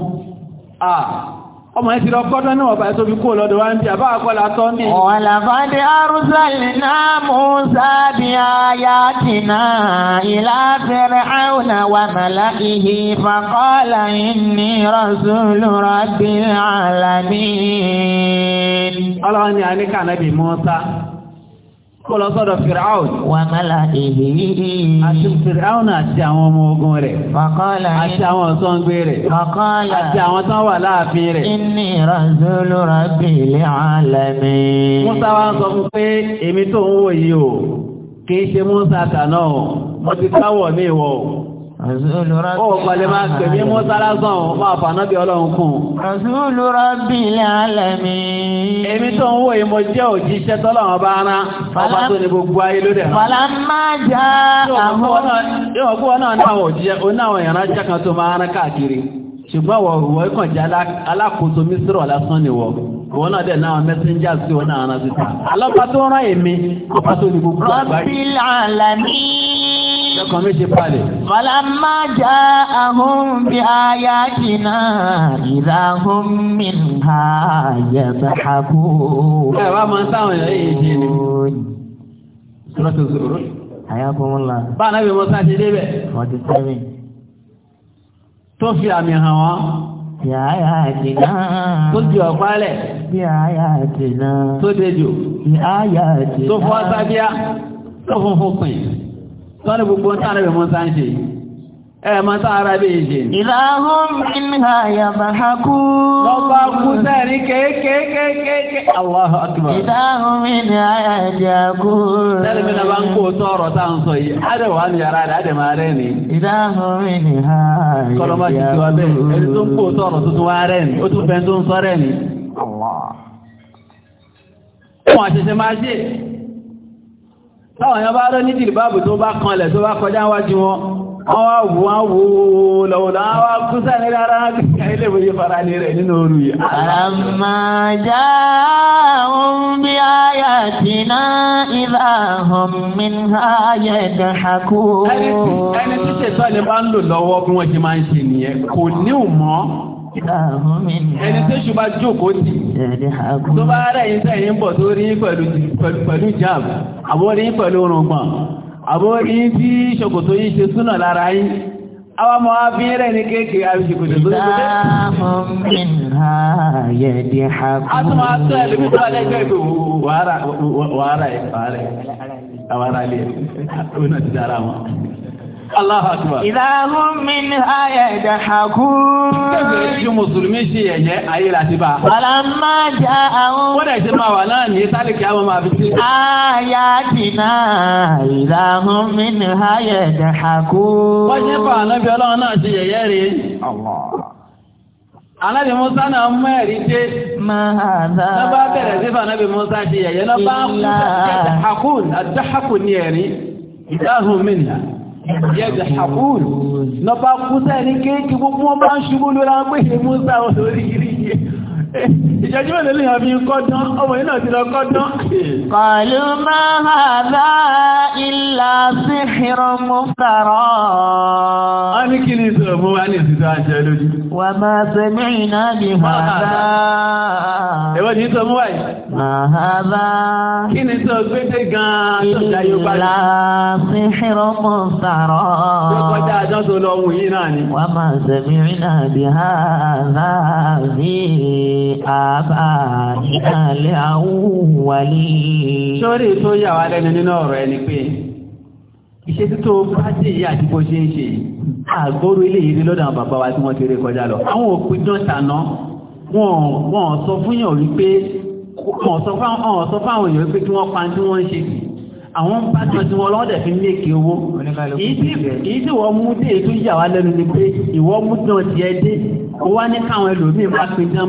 ọmọ ẹ̀sì lọ náà ọba ẹ̀sọ́bí kó lọ́dọ̀ wá ń bí àbá àkọ́lá tọ́ ní ọ̀làfàdé arúsàlìná mùsàbí kó lọ sọ́dọ̀ fìràún. wà mẹ́la èyí. àti fìràún àti àwọn ọmọ ogun rẹ̀. fàkọ́lá yìí. àti àwọn sọ́ngbé rẹ̀. fàkọ́lá. àti àwọn tán wà láàfin rẹ̀. inni rasulu rabbil alamin. musa wa sọ fún pé èmi tó ń wò yìí o kì í ṣe musa tànà o mo ti káwọ̀ mi wọ̀ o. Ọ̀pọ̀lẹ̀ máa kẹ̀mí mọ́ Èmi tó ń wò ìmọ̀ jẹ́ òjíṣẹ́ tọ́lọ́run bá rán, ọba tó ní gbogbo ayé ló dẹ̀. Falamma jaa àmọ́. Yóò kú náà ní àwọn òjíṣẹ́, ó ní àwọn náà dẹ̀ náà mẹ́sẹ́njà sí òun náà rán síta. Alọ́pàá tó rán èmi, ọ̀pàá tó ní gbogbo àgbáyé. Rabbil ọkàn mi ti palẹ̀. Fọlámà já ahun bí aya jìnnà ìlà ahun mi ha yẹ bá a kú. Ẹ wá máa ń sáwọn ẹ̀rọ yìí jẹ́ ni. Sọ́dọ̀tò sòrò. Àyàkùnmọ́lá. Bá a nábì Mọ́sá ti débẹ̀. Forty seven. Tó fi àmì hàn wọ́n. Bí aya jìnnà. Tó di ọ̀pálẹ̀. Bí aya jìnnà. Tó dejò. Bí aya jìnnà. Tó fọ́ sábíà. Tó funfun pin. sọ́nà gbogbo tánà bí mọ́ sá ń ṣe ẹ ma sá ara bí ṣe ìlàhùn ìlà yàbàhákú lọ́pàá kú sẹ́rí kéékéékéé Allahu Akbar ìlàhùn ìlà yàbàhákú sẹ́rí mi nàbà ń kó sọ́rọ̀ tá ń sọ táwọn èèyàn bá rẹ́ ní dìlìbáàbù tó bá kanlẹ̀ tó bá kọjá wájú wọn wọ́n wá wù wọ́n wò lọ́wọ́lọ́ wá kú sáré rárá ilé ìwòye fara ní rẹ̀ nínú oru yìí. àmà já ẹni tó ṣùgbọ́n jókòó tì tó bá rẹ̀ yín sẹ́yìn bọ̀ tó rí pẹ̀lú jam àbó rí pẹ̀lú orùngbọ̀n àbó rí tí ṣòkòtò yìí ṣe súnà lára yín àwọn ọmọ abínrẹ̀ ní kéèkè àbíṣòkòtò tó ṣe tó ṣe. Allahu Akbar. Ìdáhùn mi ní ayé ẹ̀dá àkú. Kẹ́sì tí Mùsùlùmí ṣe ẹ̀yẹ ayé láti bá. Bàlá máa já àwọn. Wọ́n dẹ̀ ṣe máa wà náà ní sálìkì àwọn máa fi sí. Ayá dìná ìdáhùn mi ní ayé ẹ̀dá Anábì Musa náà mú ẹ̀rí dé. Máa dá. bẹ̀rẹ̀ sí fànábì Musa ṣe yẹ̀yẹ́ lọ́bàá kú. Àdáhàkù ni ẹ̀rí. Ìdáhùn mi yẹ́dẹ̀ ṣàkúrù lọ bá kú sẹ́ni kéèkì gbogbo wọn bá ń ṣubú lórí àwọn pé ìmúsà olórí ìṣẹ́jú mẹ́lẹ̀ lè yàbí kọ́dán ọmọ iná ti lọ kọ́dán kọlu máa hàdá ilá sí ìrọmú kàrọ̀ a ní kí ní ìṣòro mú wá ní ìṣìṣẹ́ àṣẹ lójú wà máa ṣe mẹ́rin náà ní hàdá ẹwọ́n ní ìṣòro mú wáyé hàdá kí gan-an tó dáyé bá ilá sí ni ní hàdá آبائنا الأولين sórí tó yà wá lẹ́nu nínú ọ̀rọ̀ ẹni pé iṣẹ́ títò bá ṣe ìyá àti bó ṣe ń ṣe àgbóró ilé yìí lọ́dọ̀ àwọn bàbá wa tí wọ́n ti ré kọjá lọ àwọn òpin dán tàná wọ́n sọ fún yàn wípé wọ́n sọ fún àwọn èèyàn wípé kí wọ́n pa tí wọ́n ń ṣe àwọn ń bá jọ tí wọ́n lọ́dẹ̀ fi méèkì owó èyí tí wọ́n mú dé tó yà wá lẹ́nu ni pé ìwọ́n mú dán ti ẹ dé ní káwọn ẹlòmíín bá pin dán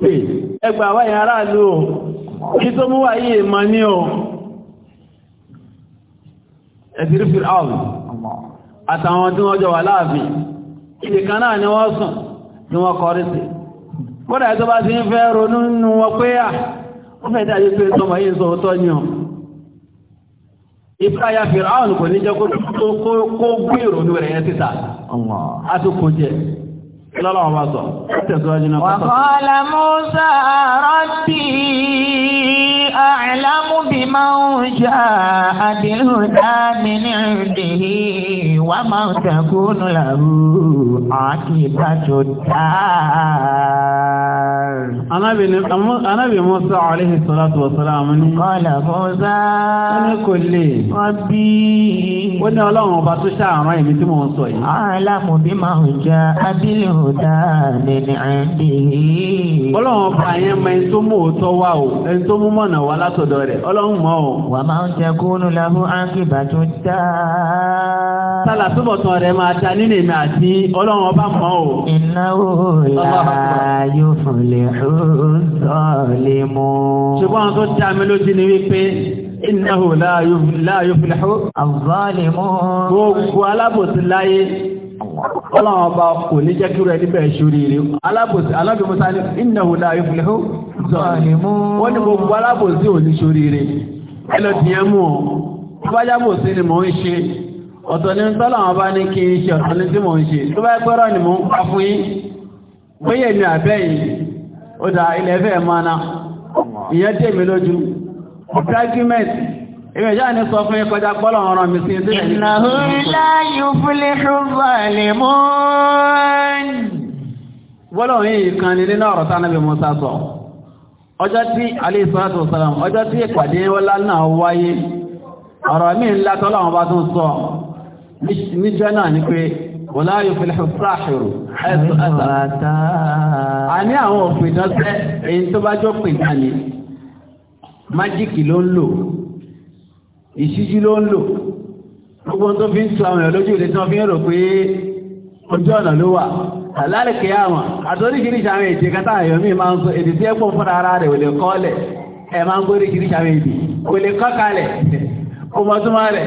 pè ẹgbà wáyé aráàlú o kí tó mú wà yí ní o ẹ̀tìrí fi áwù àtàwọn tí wọ́n jọ wà láàfin ìdìkan náà ni wọ́n sùn ni wọ́n kọrí sí kódà bá ti ń fẹ́ ronú nínú wọn pé à ó fẹ́ dájú pé tọmọ yìí sọ òótọ́ ni o ìpáyà fi áwù kò ní jẹ́ kó gbé ìrònú rẹ̀ yẹn títà Lọ́lọ́ ọmọ sọ, tẹ̀síwájú náà. Wa qala Musa rabbi a'lamu biman ja'a bil huda min 'indihi Wa máa ń sàkóónú làwù àti ìbájọ dáa. Anábì Musa alayhi salatu wa salam ni. Kọ́lá Musa. Wọ́n ní kò lè. Wọ́n bí. Ó ní ọlọ́run ọba tó ṣàárọ̀ èmi tí mò ń sọ yìí. Àlàmù bí máa ń jẹ abílẹ̀ òdà nínú ẹ̀ndì. Ọlọ́run ọba yẹn mọ ẹni tó mú òótọ́ wá o, ẹni tó mú mọ̀nà wá látọ̀dọ̀ rẹ̀, ọlọ́run mọ̀ o. Wà máa ń jẹ làwù àti ìbájọ dáa wàhálà túbọ̀ tán rẹ̀ máa ta nínú èmi àti ọlọ́run ọba mọ́ o. ìnáwó la yóò fòlè sọ́ọ̀lì ṣùgbọ́n tó dá mi lójú ni wípé ìnáwó la yóò fòlè sọ́ọ̀lì mú. gbogbo alábòsí láyé ọlọ́run ọba kò ní jẹ́ kí rẹ̀ níbẹ̀ ṣoríire alábòsí alábòsí ní ìnáwó la yóò fòlè sọ́ọ̀lì mú. wọ́n ní gbogbo alábòsí ò ní ṣoríire ẹlọ́dìyẹ mú ọ ọ̀tọ̀ ni tọ́lá wọn bá ní kí n ṣe ọ̀tọ̀ ní tí mò ń ṣe tó bá gbọ́rọ̀ ni mò ń pa fún yín bóyá èmi àbẹ́yìn ó dá ilẹ̀ ẹ̀fẹ́ mana ìyẹn tí èmi lójú argument ìwé ìjà ní sọ fún yín kọjá pọ́lọ̀ ọ̀rọ̀ mi sí ìdílé ọjọ́ tí alayhi salatu ọjọ́ tí ìpàdé ńlá náà wáyé ọ̀rọ̀ mi ńlá tọ́lọ́wọ́n bá tún sọ níjọ́ náà ni pé wọlá yóò fi lẹ́fẹ̀ fúráṣìrò ẹ̀sùn ẹ̀sà a ní àwọn òfin ìdánsẹ́ èyí tó bá jọ pè náà ni májíkì ló ń lò ìṣíjú ló ń lò gbogbo tó fi ń tu àwọn èèyàn lójú ìdẹ́tí wọn fi ń rò pé ojú ọ̀nà ló wà àlálẹ̀kẹ́ àwọn àtọ́ríṣiríṣi àwọn èdè kátà àyọ̀ mi máa ń sọ èdè tí ẹgbọ́n fúnra ara rẹ̀ ò kọ́ lẹ̀ ẹ̀ máa ń gbóríṣiríṣi àwọn èdè kò kọ́ kalẹ̀ kò mọ́túnmọ́ rẹ̀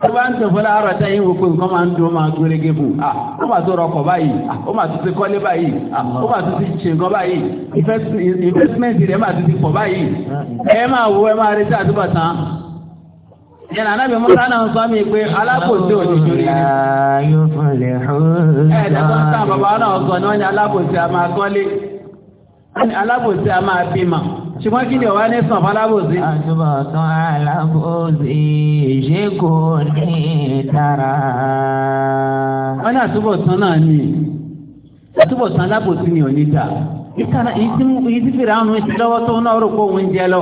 tó bá ń tẹ̀fọ́ láàárọ̀ tẹ́ yín wòpin nǹkan máa ń dún máa gbérégé bù ó máa tó rọkọ̀ báyìí ó máa tún ti kọ́lé báyìí ó máa tún ti ṣe nǹkan báyìí investment rẹ̀ máa tún ti pọ̀ báyìí ẹ máa wo ẹ máa retí àtúbọ̀tán yẹn anábì náà sọ mí pé sáà bàbá ṣùgbọ́n kí ni ọ̀wá ní sàn falábòsí. àtúbọ̀tán alábòsí ṣé kò ní tara. wọ́n ní àtúbọ̀tán náà ni àtúbọ̀tán alábòsí ni ò ní ta. ìtara èyí tí fèrè àwọn ìṣe lọ́wọ́ tó náà rò pé òun jẹ lọ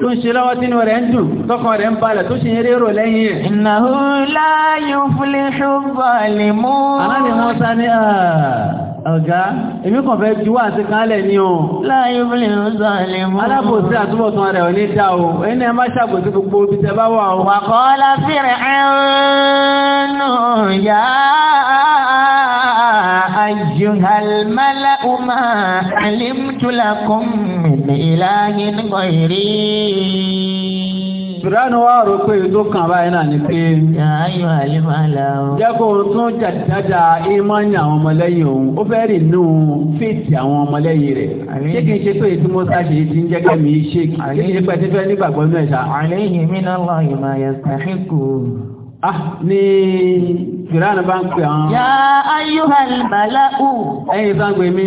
tó ń ṣe lọ́wọ́ tínú rẹ̀ ń dùn tọ́kàn rẹ̀ ń balẹ̀ tó ṣe eré rò lẹ́yìn ẹ̀. innahu la yuflihu zalimun. aláàbí wọn sá ní àà ọ̀gá èmi kàn fẹ́ juwọ́ àti kánlẹ̀ ní o láàyè fúnlẹ̀ ń sọ ilé mú alábòsí àtúbọ̀tán rẹ̀ ò ní dá o ẹni ẹ má ṣàbòsí gbogbo ibi tẹ bá wà o. wàkọ́lá fìrẹ̀ ẹ̀rọ yá ayuhal mala'u ma alimtu lakum min Fìránù wá rò pé tó kàn báyìí náà ni pé. Yàáyọ̀ àlefàlà o. Jẹ́kọ̀ tún jàdájà ìmọ̀nyí àwọn ọmọlẹ́yìn òun. Ó fẹ́ rìn nù fèsì àwọn ọmọlẹ́yìn rẹ̀. Ṣé kìí ṣe pé ètò mọ́sá ṣe ti ń jẹ́kẹ́ mi ṣe kìí ṣe pé ti fẹ́ nígbàgbọ́ inú ẹ̀ṣà. Àléyìn mi náà lọ ìmọ̀ yastahiqu. Ah ni Fìránù bá ń pè àwọn. Yà áyọ̀ àlefàlà o. Ẹyin sáà mi.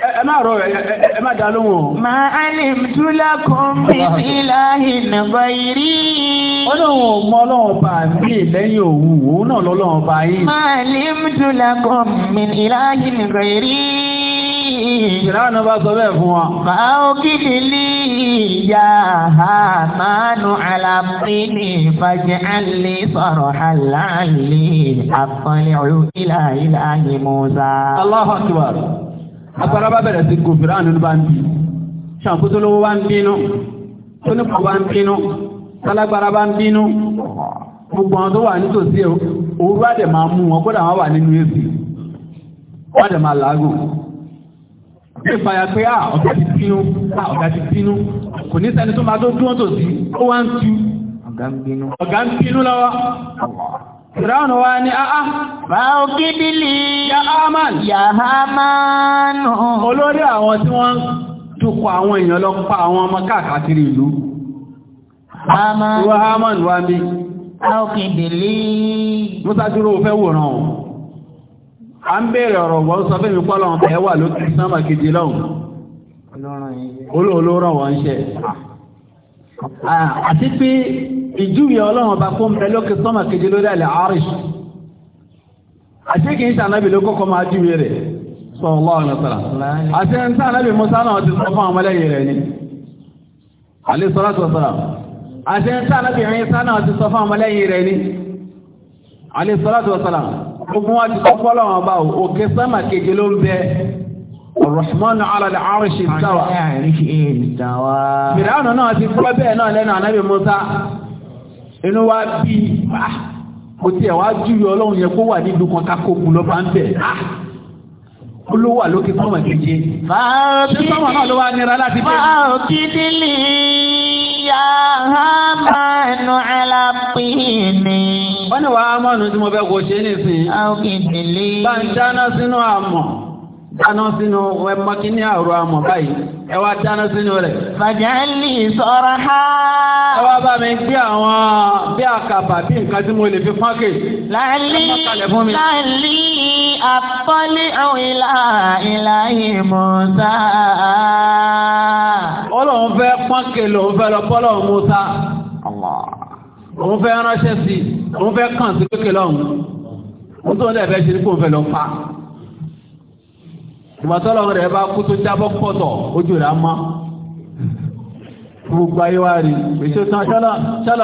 ẹ má rọ ẹ má dá lóhùn. mà á lè dúlá kan bí ìlàhì nàbà ìrí. ọlọ́run ò mọ ọlọ́run bá mi lẹ́yìn òun òun náà lọ́lọ́run bá yín. mà á lè dúlá kan bí ìlàhì nàbà ìrí. ìṣẹ̀lẹ̀ náà bá sọ bẹ́ẹ̀ fún wa. mà á lè yá a máa nu àlàbí ní ìfàjẹ́ àlè sọ̀rọ̀ àlàlè àpọ̀lẹ̀ ìlàhì Musa. Allahu akbar agbára bá bẹ̀rẹ̀ sí gòfìrà nínú bá ń bí ṣàǹkóso lówó bá ń bínú tó nípa bá ń bínú tálágbára bá ń bínú gbogbo àwọn tó wà nítòsí òwúrọ̀ àdẹ̀ máa mú wọn kódà wọ́n wà nínú èsì wọ́n dẹ̀ máa làágùn ní ìfàyà pé à ọ̀gá ti bínú à ọ̀gá ti bínú kò ní sẹ́ni tó máa tó dúró tòsí ó wá ń tu ọ̀gá ń bínú lọ́wọ́ Fìrọ́nù wa ni a. Ah, ah, ma o Ya Haman. Ya Haman. Olori àwọn ti wọ́n tukọ̀ àwọn èèyàn lọ pa ọmọ káàkiri ìlú. Haman. Wa Haman wa mi. o. À ń béèrè ọ̀rọ̀ wọ́n sọ fún mi pọ́lọ́ ọmọ ẹ̀ wà lókè sánmà kejì lọ́hùn. Olóòlóràn wọ́n ń ṣe. ati ah, ìjúwe ọlọ́run ọba kó ń bẹ lókè sọ́mà keje lórí àlẹ́ àárìṣ àti kìí sànábì ló kọ́kọ́ máa júwe rẹ̀ sallallahu alaihi wasallam àti ẹni sànábì Musa náà ti sọ fún àwọn ọmọlẹ́yìn rẹ̀ ni alaihi salatu wassalam àti ẹni sànábì Isa náà ti sọ fún àwọn ọmọlẹ́yìn rẹ̀ على العرش استوى فرعون náà ti gbọ́ bẹ́ẹ̀ náà lẹ́nu ànábì Musa inú wa bí bá kò tí ẹ̀ wá júwe ọlọ́run yẹn kó wà nílùú kan kákókù lọ bá ń bẹ̀ á ah, olówó wà lókè kọ́mọ̀ kejì ṣé sọ́mọ̀ náà ló wá nira láti dé. fàákìdì lè ya hámánú alápìnì. wọ́n ní wàá mọ́nu tí mo fẹ́ kó ṣe é nìsín. fàákìdì lè. bá ń dáná sínú àmọ̀ dáná sínú ẹ mọ́kí ní àrò àmọ̀ báyìí ẹ wá dáná sínú rẹ̀. fàjálì sọ̀rọ̀ ha. ẹ wá bá mi gbé àwọn bí àkàbà bí nǹkan tí mo lè fi fọ́nkè. láàlì láàlì àpọ́lé ìlà ìlà ìmọ̀ta. ọlọ́run fẹ́ pọ́nkè lòun fẹ́ lọ bọ́lọ̀ mọ́ta. òun fẹ́ ránṣẹ́ sí i òun fẹ́ kàn sí kékeré ọ̀hún. òun tó lẹ́ẹ̀fẹ́ ṣe ní kó ń fẹ́ lọ pa. tòmátọ́lọ́ rẹ̀ bá kú tó jábọ́ pọ̀tọ̀ ojú rẹ̀ á gbogbo ayé wá rí èso tán ṣọ́lá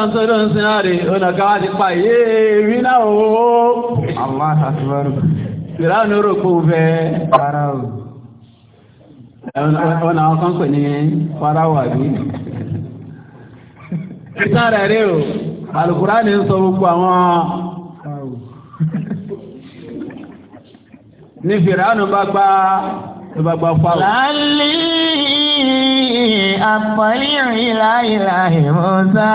ń sọ́rọ̀ ń siná ala ọ̀nà ká wá ti pa yéé rí náà oó àwọn àṣàṣìwárò ìrá ní fìràánù bá gbá ló bá gbá fáwọn. lálẹ́ àpọ̀lì ìlà ìlà ìmọ̀ọ́sá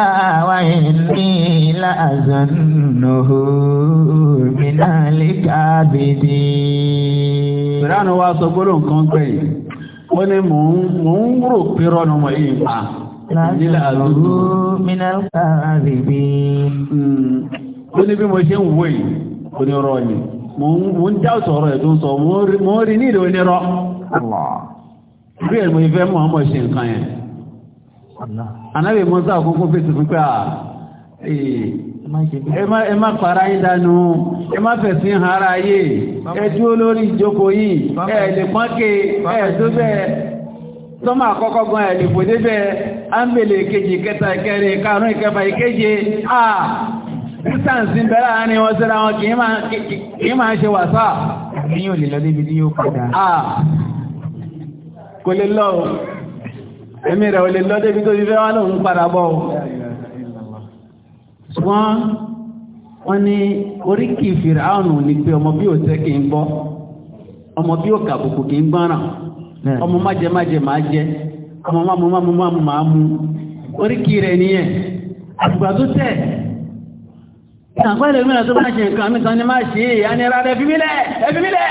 wa ìní ìlà àzọ̀nùhù ìnáàlì kábìdì. fìràánù wa sọ gbọ́dọ̀ nǹkan pẹ̀ yìí wọ́n ní mò ń rò pé rọ́nù wọ̀ yìí pa. ìlà àzọ̀nùhù ìnáàlì kábìdì. Hmm. ó ní bí mo ṣe ń wò yìí ó ní rọ́ọ̀nì mo ń já sọ̀rọ̀ ẹ̀dùn sọ mo ń rí ní ìlú onírọ́ rí ẹ̀mọ ìfẹ́ mọ̀ ọmọ ṣe nǹkan yẹn anábì musa kúkú fèsì fún pé à ah, ẹ má para yín dànù ẹ má fẹ̀sí ara yé ẹ dúró lórí ìjókòó yìí ẹ lè pọ́nké ẹ tó bẹ́ẹ̀ tọ́mọ àkọ́kọ́ gan ẹ̀ lè fò débẹ̀ ámbèlè kejì kẹta ìkẹrin karùn-ún ìkẹfà ìkeje ah distance ń bẹ̀rẹ̀ àárín wọn síra wọn kì máa ṣe wàsá ní lè lọ débi ní yóò padà kò lè lọ ẹ̀mí rẹ̀ ò lè lọ débi tó fífẹ́ wọn padà wọ́n ní ìfìrà ọ̀nà ní pé ọmọ bí ò tẹ́ kì ń ọmọ bí ò kàbùkù ọmọ máa jẹ ọmọ máa mú rẹ̀ àpẹẹrẹ mìíràn tó bá ṣe nǹkan mi tán ni máa ṣe ìyá ní rárẹ fífílẹ̀ ẹfífílẹ̀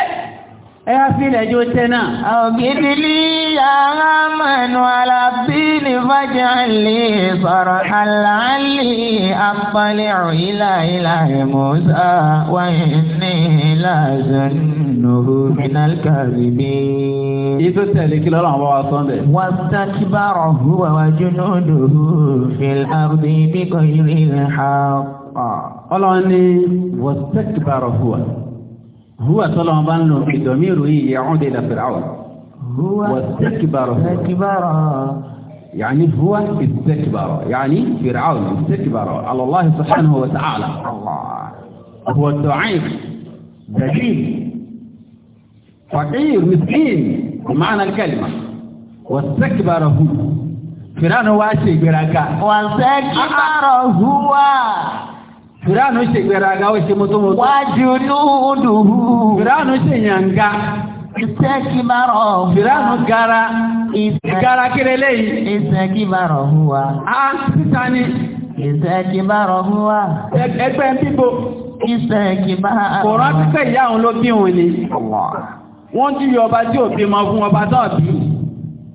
ẹyá fílẹ̀ jó tẹ́nà. ògidìlí yàrá mẹ́nu alábílì fájà lè sọ̀rọ̀ aláàlì apalẹ̀ ìlà ìlà ìmọ̀ọ́sá wáyé ní ìlàzàn nùhù mìnàlùkà bìbí. ètò tẹ̀lé kí lọ́rọ̀ àwọn wa sọ́n bẹ̀. wà á sákì bá rọ̀ hùwà wájú náà dòwò fìlà bí kò yìí rí ọlọ́run ní wọ́sẹ̀kìbàrọ̀ هو hùwà tọ́lọ́run bá ń lò ní ìdọ̀míru yìí yàrá òde واستكبر fìrà يعني هو استكبر يعني فرعون استكبر على الله سبحانه وتعالى الله هو ضعيف دليل فقير مسكين بمعنى الكلمة واستكبر هو فرعون واشي أشي واستكبر هو Fìránù ṣe se ó ṣe mọ́tò mọ́tò. Wájú lóòdù. Fìránù ṣe yànga. Ìṣẹ́kí máa rọ̀. Fìránù gara. Ìgara kéré léyìí. Ìṣẹ́kí máa rọ̀ wa. Á síta ni. Ìṣẹ́kí máa rọ̀ hù Ẹgbẹ́ bíbo. Ìṣẹ́kí máa rọ̀ hù Kò rántí pé ìyá òun ló bí òun ni. Wọ́n ti yọ ọba tí òbí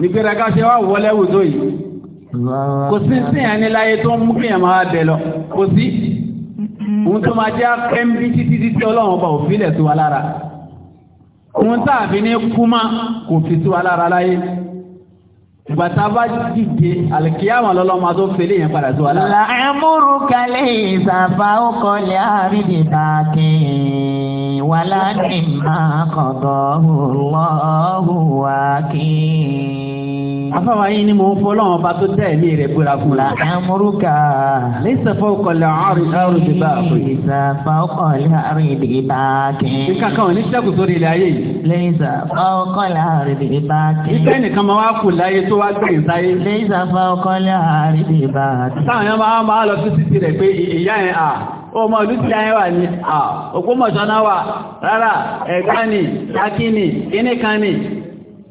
nígbéraga ṣe wá wọlé wùdó yìí kò sí sí ẹni láyé tó ń mú kí ẹ̀mọ́ abẹ lọ kò sí ohun tó máa jẹ́ pẹ́ńbí títí títí ọlọ́run ọba òfilẹ̀ sí wa lára ohun tá a fi ní kúmá kò fi sí wa lára láyé ìgbà bá dìde àlìkíyàmọ̀ lọ́lọ́mọ tó fele yẹn padà sí wa lára. làmúrú kalẹ̀ ìsàfà ọkọ̀ lè àrídì tààkì wàlá ní máa kọ̀dọ̀ ọ̀hún lọ́hùn wákìí afọwọ́ yín ni mò ń fọ́ lọ́wọ́ bá tó dá ẹ̀mí rẹ̀ búra fún la. amúrúkà. ní sẹ́fọ́ kọlẹ̀ ọ̀rùn ọ̀rùn ti bá a fò. sẹ́fọ́ kọlẹ̀ ọ̀rùn ti bá a kì í. nǹkan kan ò ní sẹ́kù sórí ilẹ̀ ayé yìí. lẹ́yìn sẹ́fọ́ kọlẹ̀ ọ̀rùn ti bá a kì í. ìfẹ́ nìkan máa wá kù láyé tó wá gbẹ̀yìn sáyé. lẹ́yìn sẹ́fọ́ kọlẹ̀ ọ̀rùn ti bá a kì í. táwọn yẹn máa lọ sí títì rẹ̀ pé ìyá yẹn à ọmọ ìlú tí ayé wà ní à òpómọ̀ṣọ́ná wà rárá ẹ̀gbá ni akíni kíníkan ni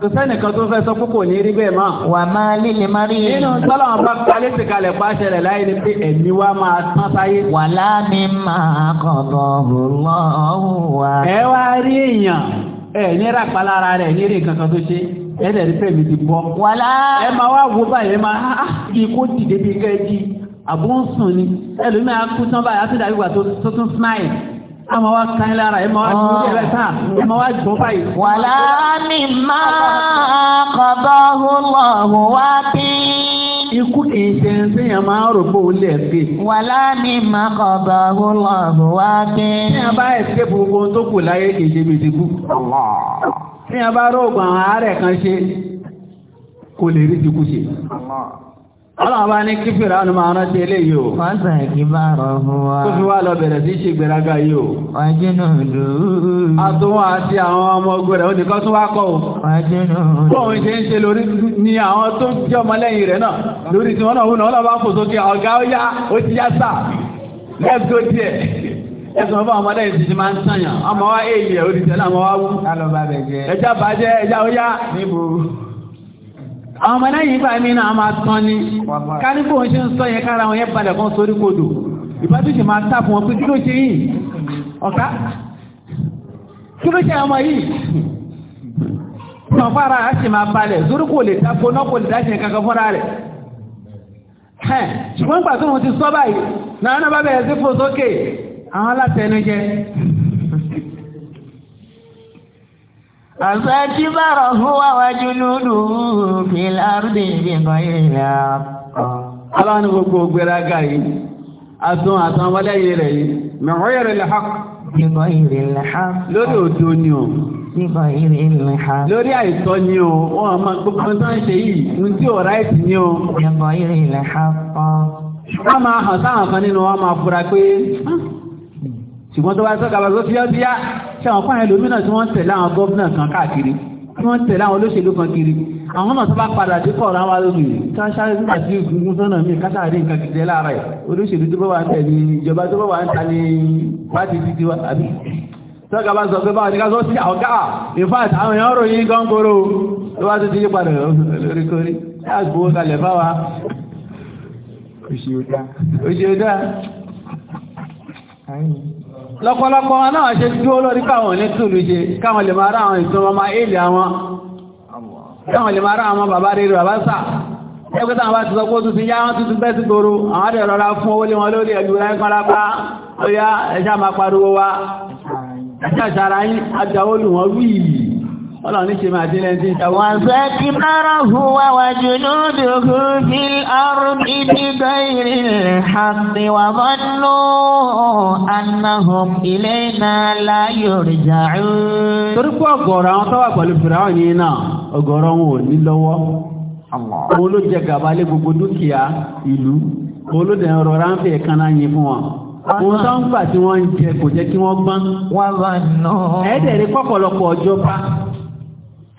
kò sẹ́nì kan tó fẹ́ sọ púpọ̀ ní rí bẹ́ẹ̀ máa wà máa líle mari nínú tọ́lọ̀ bá palẹ́ ti kalẹ̀ pa ṣẹlẹ̀ láyé ni pé ẹ̀mí wa máa tán sáyé wà láàmì máa kọ̀dọ̀ lọ́hùn wa ẹ wá rí èèyàn ẹ nira palára rẹ̀ ní rí kankan tó ṣe ẹ dẹ̀ rí pé mi ti bọ́ ẹ máa wá wo báyìí máa ah, ah, bí kó dìde bí kẹ́ẹ̀jì àbúnsùn ni ẹlòmíràn kú tán báyìí á sì dàbí wà tó tún smile a ma wá kan lára ẹ ma wá dúró ẹ bẹ tán ẹ ma wá gbọ́ báyìí. wàlá mi máa kọ́bọ̀ hùwọ̀ wá bí. ikú kì í ṣe ṣe yẹn máa rò pé lè gbé. wàlá mi máa kọ́bọ̀ hùwọ̀ wá bí. ní a bá ẹsẹ̀ gbogbo tó kù láyé kì í ṣe a bá rògbòn àárẹ̀ kan ṣe kò lè rí ti kú ṣe. Ọlọ́run bá ní kí Fìránù máa rántí eléyìí o. Wọ́n sàn kí bá rọ̀ fún wa. Tó fi wá lọ bẹ̀rẹ̀ sí ṣe gbéraga yìí o. Wọ́n jìnnà dùn. Àtúnwọ̀n àti àwọn ọmọ ogun rẹ̀ ó ní kọ́ tún wá kọ́ o. Wọ́n jìnnà dùn. Bọ́ọ̀n ṣe ń ṣe lórí ni àwọn tó jẹ́ ọmọlẹ́yìn rẹ̀ náà. Lórí tí wọ́n náà wúnà ọlọ́ba fò sókè ọ̀gá ó yá ó ti yá sà. Lẹ́ẹ̀tó díẹ̀. Ẹ̀sùn ọba ọmọdé yìí ti máa ń sànyàn. Ọmọ wa èyí ẹ̀ ó ti tẹ̀lé ọmọ wa wú. Ẹ àwọn ọmọ lẹ́yìn ìgbà mi náà máa tán ni kánípò ń ṣe ń sọ yẹn kára wọn yẹn balẹ̀ kan sórí kodò ìbátúṣe máa tàbí wọn pé kí ló ṣe yìí ọ̀ká kí ló ṣe ọmọ yìí tàn fara á sì máa balẹ̀ sórí kò lè dáko náà kò lè dáṣẹ kankan fúnra rẹ̀ ṣùgbọ́n pàtó wọn ti sọ báyìí náà náà bá bẹ̀rẹ̀ sí fò sókè àwọn alátẹnujẹ فَسَتِبَرَ هُوَ وَجُنُودُهُ فِي الْأَرْضِ بِغَيْرِ حَقٍّ Ọlọ́run ní gbogbo gbéraga yìí, àtún àtún ọmọlẹ́yìn rẹ̀ yìí, mẹ̀họ́yẹ̀rẹ̀ lè hàk. Bìbọ̀yìrì lè hàk. Lórí òdo ni o. Bìbọ̀yìrì lè hàk. Lórí àìtọ́ ni o, wọ́n máa gbogbo tó ń ṣe yìí, o. Bìbọ̀yìrì lè hàk. Wọ́n máa hàn sáwọn kan nínú wọn ṣùgbọ́n tó bá sọ gàbà tó fíyá fíyá ṣàwọn fún ẹlòmí náà tí wọ́n tẹ̀lé àwọn gómìnà kan káàkiri tí wọ́n tẹ̀lé àwọn olóṣèlú kan kiri àwọn náà tó bá padà dé kọ̀ọ̀rọ̀ àwọn alómi káṣáre nígbà tí gungun sọ́nà mi káṣáre nǹkan kìtẹ́ lára ẹ̀ olóṣèlú tó bá wà ń tẹ̀ ní ìjọba tó bá wà ń ta ní pátì títí wa àbí tọ́ka bá sọ pé báwọn ní ká sọ sí ọ̀gá ìfáàtì àwọn èèyàn ròyìn gọ́ngoro tó bá tó ti yí padà lórí kórí láàgbó kalẹ̀ báwa òṣèlú dá lọ́pọ̀lọpọ̀ wọn náà ṣe dúró lórí káwọn ní túlù ṣe káwọn lè máa rá àwọn ìsinmi ọmọ èlì àwọn káwọn lè máa rá àwọn bàbá rere bàbá sà ẹgbẹ́ta àwọn ti sọpọ̀ tuntun yá wọn tuntun bẹ́ sí gbòrò àwọn àdẹ̀ rọra fún owó lé wọn lórí ẹ̀lú Ọlọ́run ní ṣe máa dé lẹ́ni tí ń tàwọn. Wọ́n fẹ́ ti bára hu wàwà jù lóde hu fi ọrùn bíbí gbẹ̀rì àti wà bọ́nú anahum ilé náà láyò rìjà rú. Torí pé ọ̀gọ̀rọ̀ àwọn tó wà pẹ̀lú Fìràwọ̀ yìí náà, ọ̀gọ̀rọ̀ wọn ò ní lọ́wọ́. Àwọn olójẹ gàba lé gbogbo dúkìá ìlú, olóde ọ̀rọ̀ ráńfẹ̀ kan náà fún wọn wọ́n tó ń gbà tí wọ́n ń jẹ kò jẹ́ kí wọ́n gbọ́n. wọ́n bá nù. ẹ̀ẹ́dẹ̀rẹ́ pọ̀pọ̀lọpọ̀ ọjọ́ bá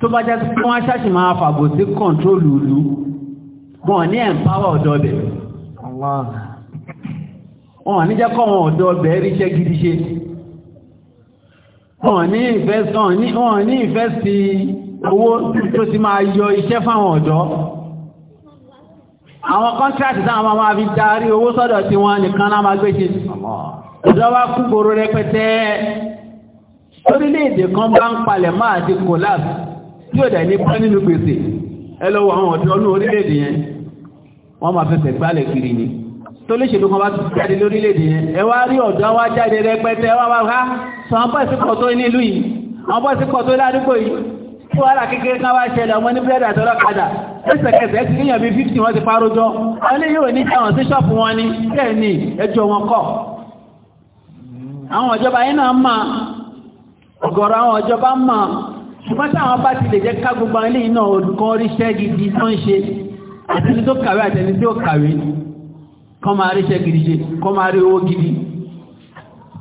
tó bá jẹ́ pé wọ́n ṣáṣì máa fàbò sí kọ̀ntrólù ìlú wọn ní ẹ̀mpáwà ọ̀dọ́ ọbẹ̀ wọn ní jẹ́kọ́ wọn ọ̀dọ́ ọbẹ̀ ríṣẹ́ gidi ṣe wọn ní ìfẹ́ sí owó tó ti máa yọ iṣẹ́ fáwọn ọ̀dọ́ àwọn kọ́ntrátì táwọn máa fi darí owó sọ́dọ̀ tí wọ́n nìkan náà máa gbé ṣe ìjọba kúgbòrò rẹpẹtẹ orílẹ̀-èdè kan bá ń palẹ̀ máa ti collapse tí ó dẹ̀ ní pọ́ nínú gbèsè ẹlọ́wọ́ àwọn ọ̀dọ́ ní orílẹ̀-èdè yẹn wọ́n máa fẹsẹ̀ gbálẹ̀ kiri ni tó lè ṣèlú kan bá ti jáde lórílẹ̀-èdè yẹn ẹ wá rí ọ̀dọ́ wá jáde rẹpẹtẹ wá wá sọ àwọn bọ́ọ̀sì pọ̀ tó ní ìlú yìí àwọn bọ́ọ̀sì pọ̀ tó ládùúgbò yìí tí wá àwọn ilé ni bẹ́ẹ̀ ni ẹjọ́ wọn kọ̀ àwọn ìjọba yìí náà mọ̀ ọ̀gọ̀rọ̀ àwọn ìjọba mọ̀ ṣùgbọ́n táwọn bá ti lè jẹ́ ká gbogbo ilé iná olùkọ́ ríṣẹ́ gidi tó ń ṣe àtẹni tó kàwé àtẹni tí ó kàwé kọ́ máa ríṣẹ́ gidi ṣe kọ́ máa rí owó gidi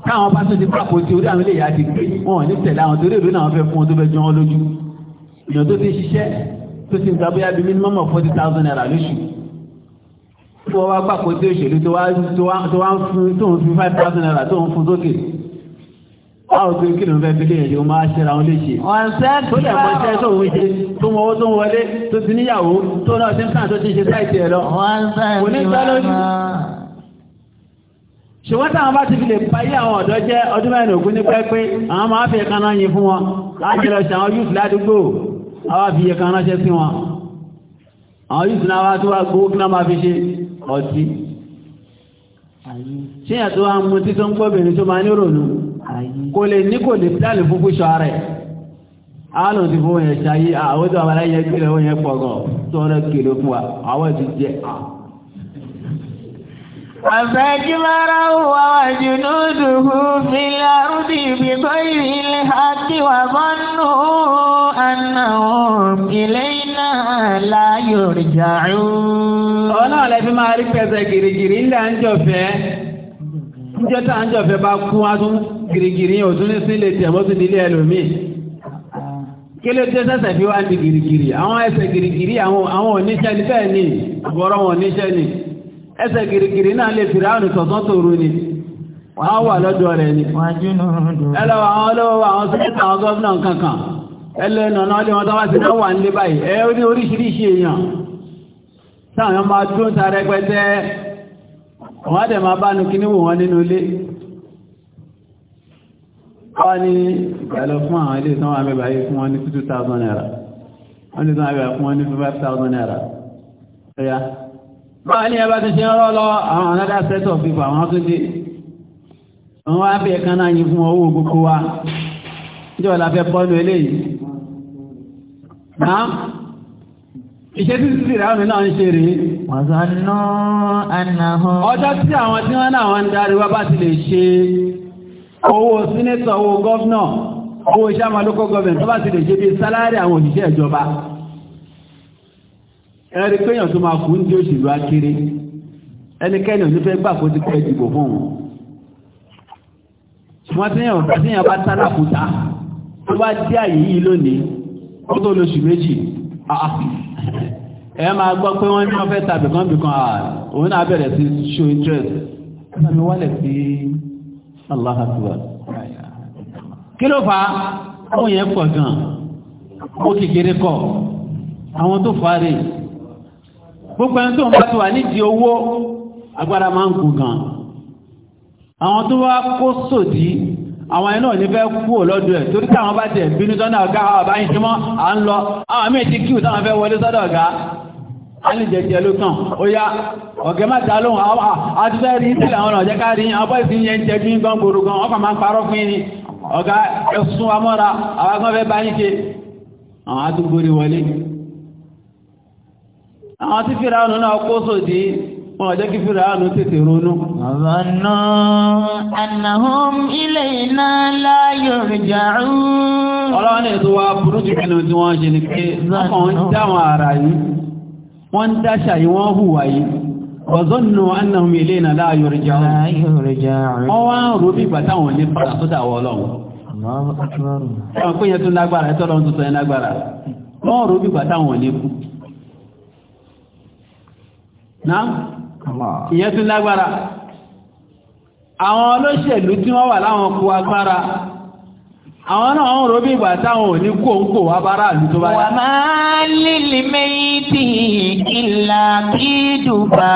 táwọn bá tó ti pàpò tí orí àwọn ilé ìyá ti gbé wọn ní tẹ̀lé àwọn torí ìlú náà fẹ́ fún ọdún fẹ́ jọ wọn lójú èèyàn tó ti ṣiṣẹ́ tó ti ń gba minimum of forty thousand naira lóṣù tó wá pàpò tí òṣèlú tó wá ń fún tó ń fún five thousand naira tó Báwo tó kí ló fẹ́ fi léèrè o máa ṣe wọn léṣe? ṣe Wọ́n Ṣùgbọ́n táwọn bá ti fi lè payé àwọn ọ̀dọ́ jẹ́ ọdún mẹ́rin ògún ní pẹ́pẹ́, àwọn máa fi ẹ̀kan náà yin fún wọn láti lọ ṣe àwọn yúùfù ládùúgbò, àwọn fi ẹ̀kan ránṣẹ́ sí wọn. Àwọn yúùfù náà wá tó wá gbówó kí náà máa fi ṣe ọtí. Ṣé ìyàtọ̀ àwọn mutí tó ń tó máa ní rònú? kò lè ní kò lè pílàlì fúnfún ṣọ rẹ̀ àwọn fún yẹn ṣayé àwọn tó aláyẹ kí wọ́n yẹn pọ̀ tó rẹ̀ kéré fún wa àwọn ti jẹ́ à. Àfẹ́ kí lára wà jù lódùkú fi lárúdì ibi tó ìrìnlẹ̀ àti wà mọ́nù àná ilé iná láyò rìjà rú. Ọlọ́run lẹ́fí máa rí pẹ̀sẹ̀ gìrìgìrì ńlẹ̀ àńjọ̀fẹ́. Ń àńjọ̀fẹ́ bá kú wá tún girigiri yóò tún ní sílé tí àmọ́ tún nílé ẹlòmíì kí ló dé sẹ́sẹ̀ fi wá ń di àwọn ẹsẹ̀ girigiri àwọn oníṣẹ́ ní bẹ́ẹ̀ ni àbọ̀rọ̀ wọn oníṣẹ́ ni ẹsẹ̀ girigiri náà lè fìrà àrùn tọ̀tán tòru ni wọ́n wà lọ́dọ̀ rẹ̀ ni ẹlọ́wọ́ àwọn olówó àwọn sẹ́kẹ̀tà àwọn gọ́ọ̀nà kankan ẹlẹ́nà náà lè wọ́n tó wá sí náà wà nílé báyìí ẹ ó ní oríṣiríṣi èèyàn táwọn máa dún tarẹ́pẹ́tẹ́ wọ́n á wọ́n ní ìgbàlẹ̀ fún àwọn ilé tán wà mẹ́bà yìí fún wọn ní 2,000 naira wọ́n ní tán wà mẹ́bà fún wọn ní 5,000 naira ẹ̀yà wọ́n ní ẹbá ti ṣe rọ́ lọ àwọn another set of people àwọn tó dé wọ́n wá bí ẹ̀kan náà yìí fún owó gbogbo wa níjọ́ la fẹ́ bọ́nu eléyìí náà ìṣe títí sí ìràwọ̀ náà ń ṣe rèé wọ́n sọ náà tí tí wọ́n owó sínítọ̀ owó gọ́ọ̀nà owó iṣẹ́ àmàlókọ́ gọ́ọ̀mẹ̀ntọ́ bá ti lè ṣe bí sálárì àwọn òṣìṣẹ́ ìjọba ẹ̀rí péyàn tó máa kú ní òṣèlú akéré ẹnikẹ́ni ò ní fẹ́ gbà kó ti pẹ́ ìdìbò fún wọn wọ́n ti yàn tí yàn bá tálákùtà tó bá dé àyè yìí lónìí ó tó lóṣù méjì ẹ máa gbọ́ pé wọ́n ní wọ́n fẹ́ tàbí kan bìkan òun náà bẹ̀rẹ̀ sí show interest Allahu Akbar. kí ló fà á àwọn yẹn pọ̀ gan ó kékeré kọ àwọn tó fà á rè gbogbo ẹni tó ń bá tó wà nídìí owó agbára máa ń gùn gan àwọn tó wá kó sòdí àwọn ẹni náà ní fẹ́ kú lọ́dọ̀ ẹ̀ torí táwọn bá tẹ̀ bínú sọ́dọ̀ ọ̀gá àwọn àbáyín símọ́ à ń lọ àwọn méjì kíù táwọn fẹ́ wọlé sọ́dọ̀ ọ̀gá alìjẹjẹ ló tàn ó yá ọ̀gẹ́ má dá lóhùn àtúfẹ́ rí sílẹ̀ àwọn ọ̀jẹ́ ká rí abọ́ ìsìn yẹn jẹ́ bí gan gbòòrò gan ọkọ̀ máa parọ́ fún yín ọ̀gá ẹ̀sùn amọ́ra àwọn akọ́ ètò wa burú jù kí wọ́n ṣe ni pé ọkàn ń dáwọn ara yìí wọ́n ń dáṣà yìí wọ́n hùwà yìí ọ̀zọ́nù annahum ilayna la yurja'un wọ́n wá ń rò bí ìgbà táwọn ní padà tó dà wọ́n lọ́wọ́ wọ́n pín yẹn tún lágbára ẹ̀tọ́ lọ́n tuntun yẹn lágbára wọ́n rò bí ìgbà táwọn ní kú náà ìyẹn tún lágbára àwọn olóṣèlú tí wọ́n wà láwọn kú agbára àwọn náà ń ro bí ìgbà táwọn ò ní kó ń kó wá bára àlù tó bá yá. wà á máa lílì méjì ìlà kí dùbà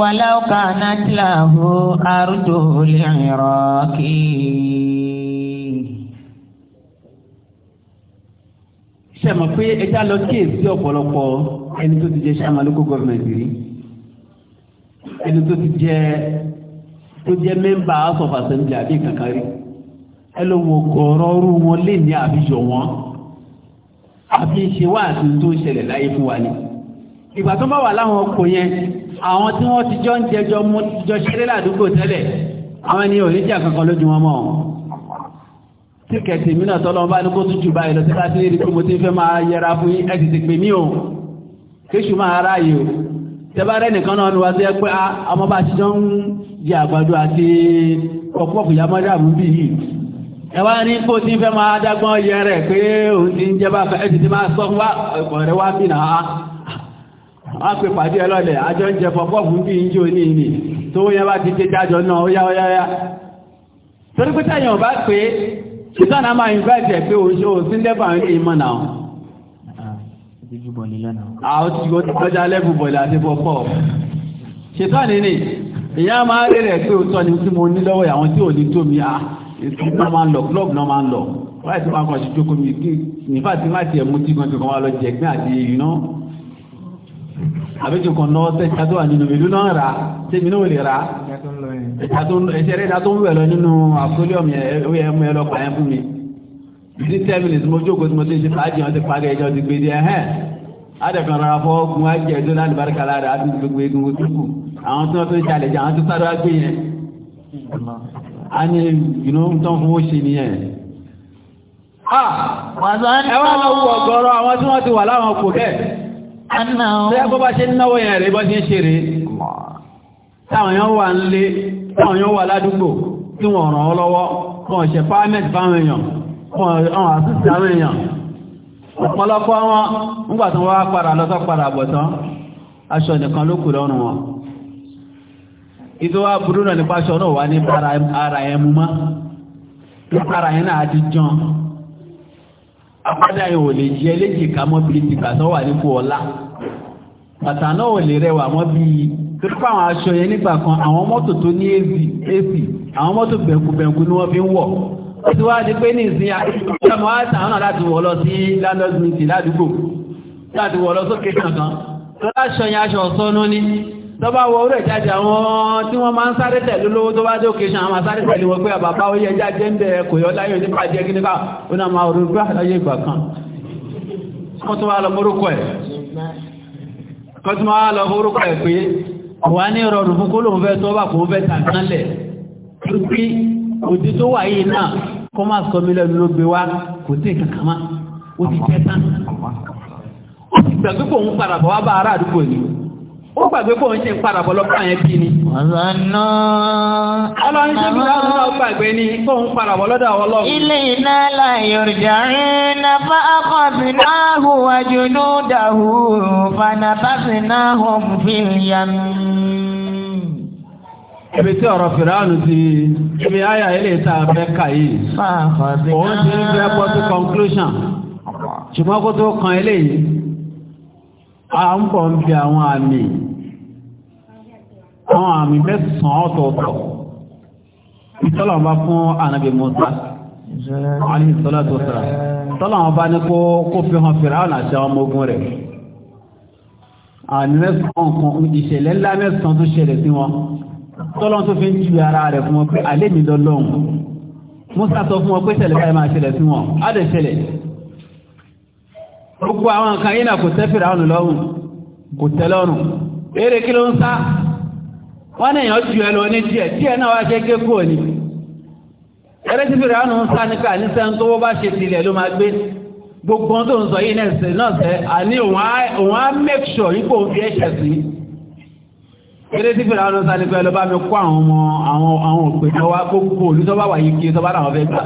wà láwùká nàdìláhù àrùjò lè rọ kí. ṣe mọ̀ pé ẹja lọ kíyèsí ọ̀pọ̀lọpọ̀ ẹni tó ti jẹ́ sàmà gọ́ọ̀mẹ̀ntì rí ẹni tó ti jẹ́ tó jẹ́ mẹ́mbà house àbí kankan rí ẹlòmọ̀ kọ̀ọ̀rọ̀ ọrú wọn lè ní àbíjọ wọn àfi ṣe wá àti tó ṣẹlẹ̀ láyé fún wa ni ìgbà tó bá wà láwọn ọkọ̀ yẹn àwọn tí wọ́n ti jọ ń jẹjọ mú jọ ṣeré ládùúgbò tẹ́lẹ̀ àwọn ẹni ò ní jà kankan lójú wọn mọ́ tí kẹ̀tì mí náà tọ́lọ́ bá ní kó tún jù báyìí lọ sí láti rí pé mo ti fẹ́ máa yẹra fún yín ẹ̀sì ti pè mí o kéṣù máa ráàyè o tẹ́bárẹ́ nìkan náà ni wá sí ẹ ọmọ bá ti jọ ń jẹ àgbàdo àti ọ̀pọ̀ ẹwà ní kó tí ń fẹ́ máa dágbọ́n yẹ rẹ̀ pé òun ti ń jẹ́ bá fẹ́ ẹ̀sì tí máa sọ wá ọ̀rẹ́ wá bí nà á wá pè pàdé ẹlọ́lẹ̀ àjọ ń jẹ pọ̀pọ̀pù bí ń jò ní ìní tó yẹ bá ti jẹ́ jájọ náà ó yá ó yá yá torí pé tẹ̀yàn bá pé ìtọ́nà náà máa rẹ̀ rẹ̀ pé òótọ́ ni tí mo ní lọ́wọ́ àwọn ní tó ìsìn náà máa ń lọ club náà máa ń lọ wáyé tí wọ́n kàn ṣe jókòó mi kí nífà tí má tiẹ̀ mú tí kan kankan wá lọ jẹ gbé àti èyí náà àbíkí kan náà tẹ̀síta tó wà nínú ìlú náà rà tẹ̀mí náà lè rà ẹ̀ṣẹ̀ rẹ̀ dá tó ń wẹ̀ lọ nínú àkólíọ̀mù ẹ̀mú ẹ̀ lọ́pàá ẹ̀ fún mi ní ten minutes mo jókòó tí mo ti ṣe fàájì wọn ti parí ẹjọ́ ti gbé dé ẹ̀hẹ́n adẹ̀kan rárá fọ́ gun ajẹ́ ẹ̀dọ́ láti bárí kalá rẹ̀ á ti gbogbo egungun tó kù àwọn tí wọ́n tó ń jalè jẹ́ àwọn tó sáré wá gbé yẹn a ní ìrìnà tó ń fowó ṣe nìyẹn ẹwà lọ́wọ́ ọ̀gọ̀rọ̀ àwọn tí wọ́n ti wà láwọn kò bẹ́ẹ̀ tẹ́ẹ̀kọ́ bá ṣe náwó yẹn rẹ̀ bọ́ ti ń ṣe rẹ̀ táwọn yẹn wà ń lé táwọn yẹn wà ládùúgbò tí wọ́n ràn ọ́ lọ́wọ́ wọ́n ṣe pàmẹ́tì fáwọn èèyàn wọ́n àtúnṣe àwọn èèyàn ọ̀pọ̀lọpọ̀ wọn nígbà tí wọ́n wá padà lọ́sọ́ padà bọ̀tán aṣọ nìkan ló kù lọ́rùn wọn ìtò wá burú náà nípa aṣọ náà wà ní ara ẹ̀ mú mọ́ nípara ẹ̀ náà ti jàn apádá ẹ̀ ò lè jẹ́ léjì ká mọ́ bí tìgbà tó wà nípò ọlá bàtà náà ò lè rẹwà mọ́ bí tó fún àwọn aṣọ yẹn nígbà kan àwọn mọ́tò tó ní èsì àwọn mọ́tò bẹ̀ǹkùbẹ̀ǹkù ni wọ́n fi ń wọ̀ ó ti pé ní ìsìn àmọ́ àtàwọn náà láti wọ̀ lọ sí landlord meeting ládùúgbò láti wọ̀ lọ sókè kankan tó láṣọ yẹn aṣọ ọ̀sọ́nú tọ́bá wọ orí ìjájá wọn tí wọ́n máa ń sáré tẹ̀lú lówó tó bá dé òkèṣàn àwọn sáré pẹ̀lú wọn pé àbàbá oyé ẹjá jẹ́ ń bẹ̀ kò yọ láyé nípa jẹ́ kí nípa ó náà máa orí gbá láyé ìgbà kan kọ́tún wá lọ morúkọ ẹ̀ kọ́tún ó ti jẹ́ tán ń padà bọ̀ wá bá ará àdúgbò yìí ó gbàgbé kó ń ṣe ń padà bọ́lọ́pàá yẹn bí ni. ọ̀nà ọlọ́run ṣe bí láti náà gbàgbé ni kó ń padà bọ́lọ́dà ọlọ́run. ilé iná láyò jàre na bá akọ̀bí náà hù wájú ní dàhù fana náà hù fi yàmù. Ibi tí ọ̀rọ̀ Fìránù ti ibi ayà ilé ìta abẹ́ kà yìí. Òun ti ń fẹ́ bọ́ sí conclusion. Ṣùgbọ́n kó tó kan eléyìí, à ń bọ̀ ń bi àwọn àmì àwọn àmì mẹ́sàn-án ọ̀tọ̀ọ̀tọ̀ ìtọ́lọ̀ bá fún ànábì Mùsá alayhi salatu wa salam tọ́lọ̀ bá ní kó kó fi hàn Fíráúnà àti àwọn ọmọ ogun rẹ̀ àmì mẹ́sàn-án kan ìṣẹ̀lẹ̀ ńlá mẹ́sàn-án tó ṣẹlẹ̀ sí wọn tọ́lọ́ tó fi ń ju ara rẹ̀ fún wọn pé alẹ́ mi lọ́lọ́hùn Mùsá sọ fún wọn pé ṣẹlẹ̀ báyìí máa ṣẹlẹ̀ sí wọn á lè ṣẹlẹ̀ gbogbo àwọn nǹkan yìí náà kò tẹ́ Fíráúnà lọ́rùn kò tẹ́ lọ́rùn eré kí ló ń sá wọ́n ní èèyàn ju ẹlò ní díẹ̀ díẹ̀ náà wá ṣe kékò ní ẹrẹ́ tí fèrè ánù ń sáníkà ní sẹ́ń tó wọ́n bá ṣe tilẹ̀ ló máa gbé gbogbo tó ń sọ yìí náà sẹ́ náà sẹ́ àní òun á make sure yípo fi ẹ̀ṣẹ̀ sí ẹrẹ́ tí fèrè ánù ń sáníkà ló bá mi kó àwọn ọmọ àwọn àwọn òpè tó wá gbogbo òlú tó bá wà yìí kí tó bá làwọn fẹ́ gbà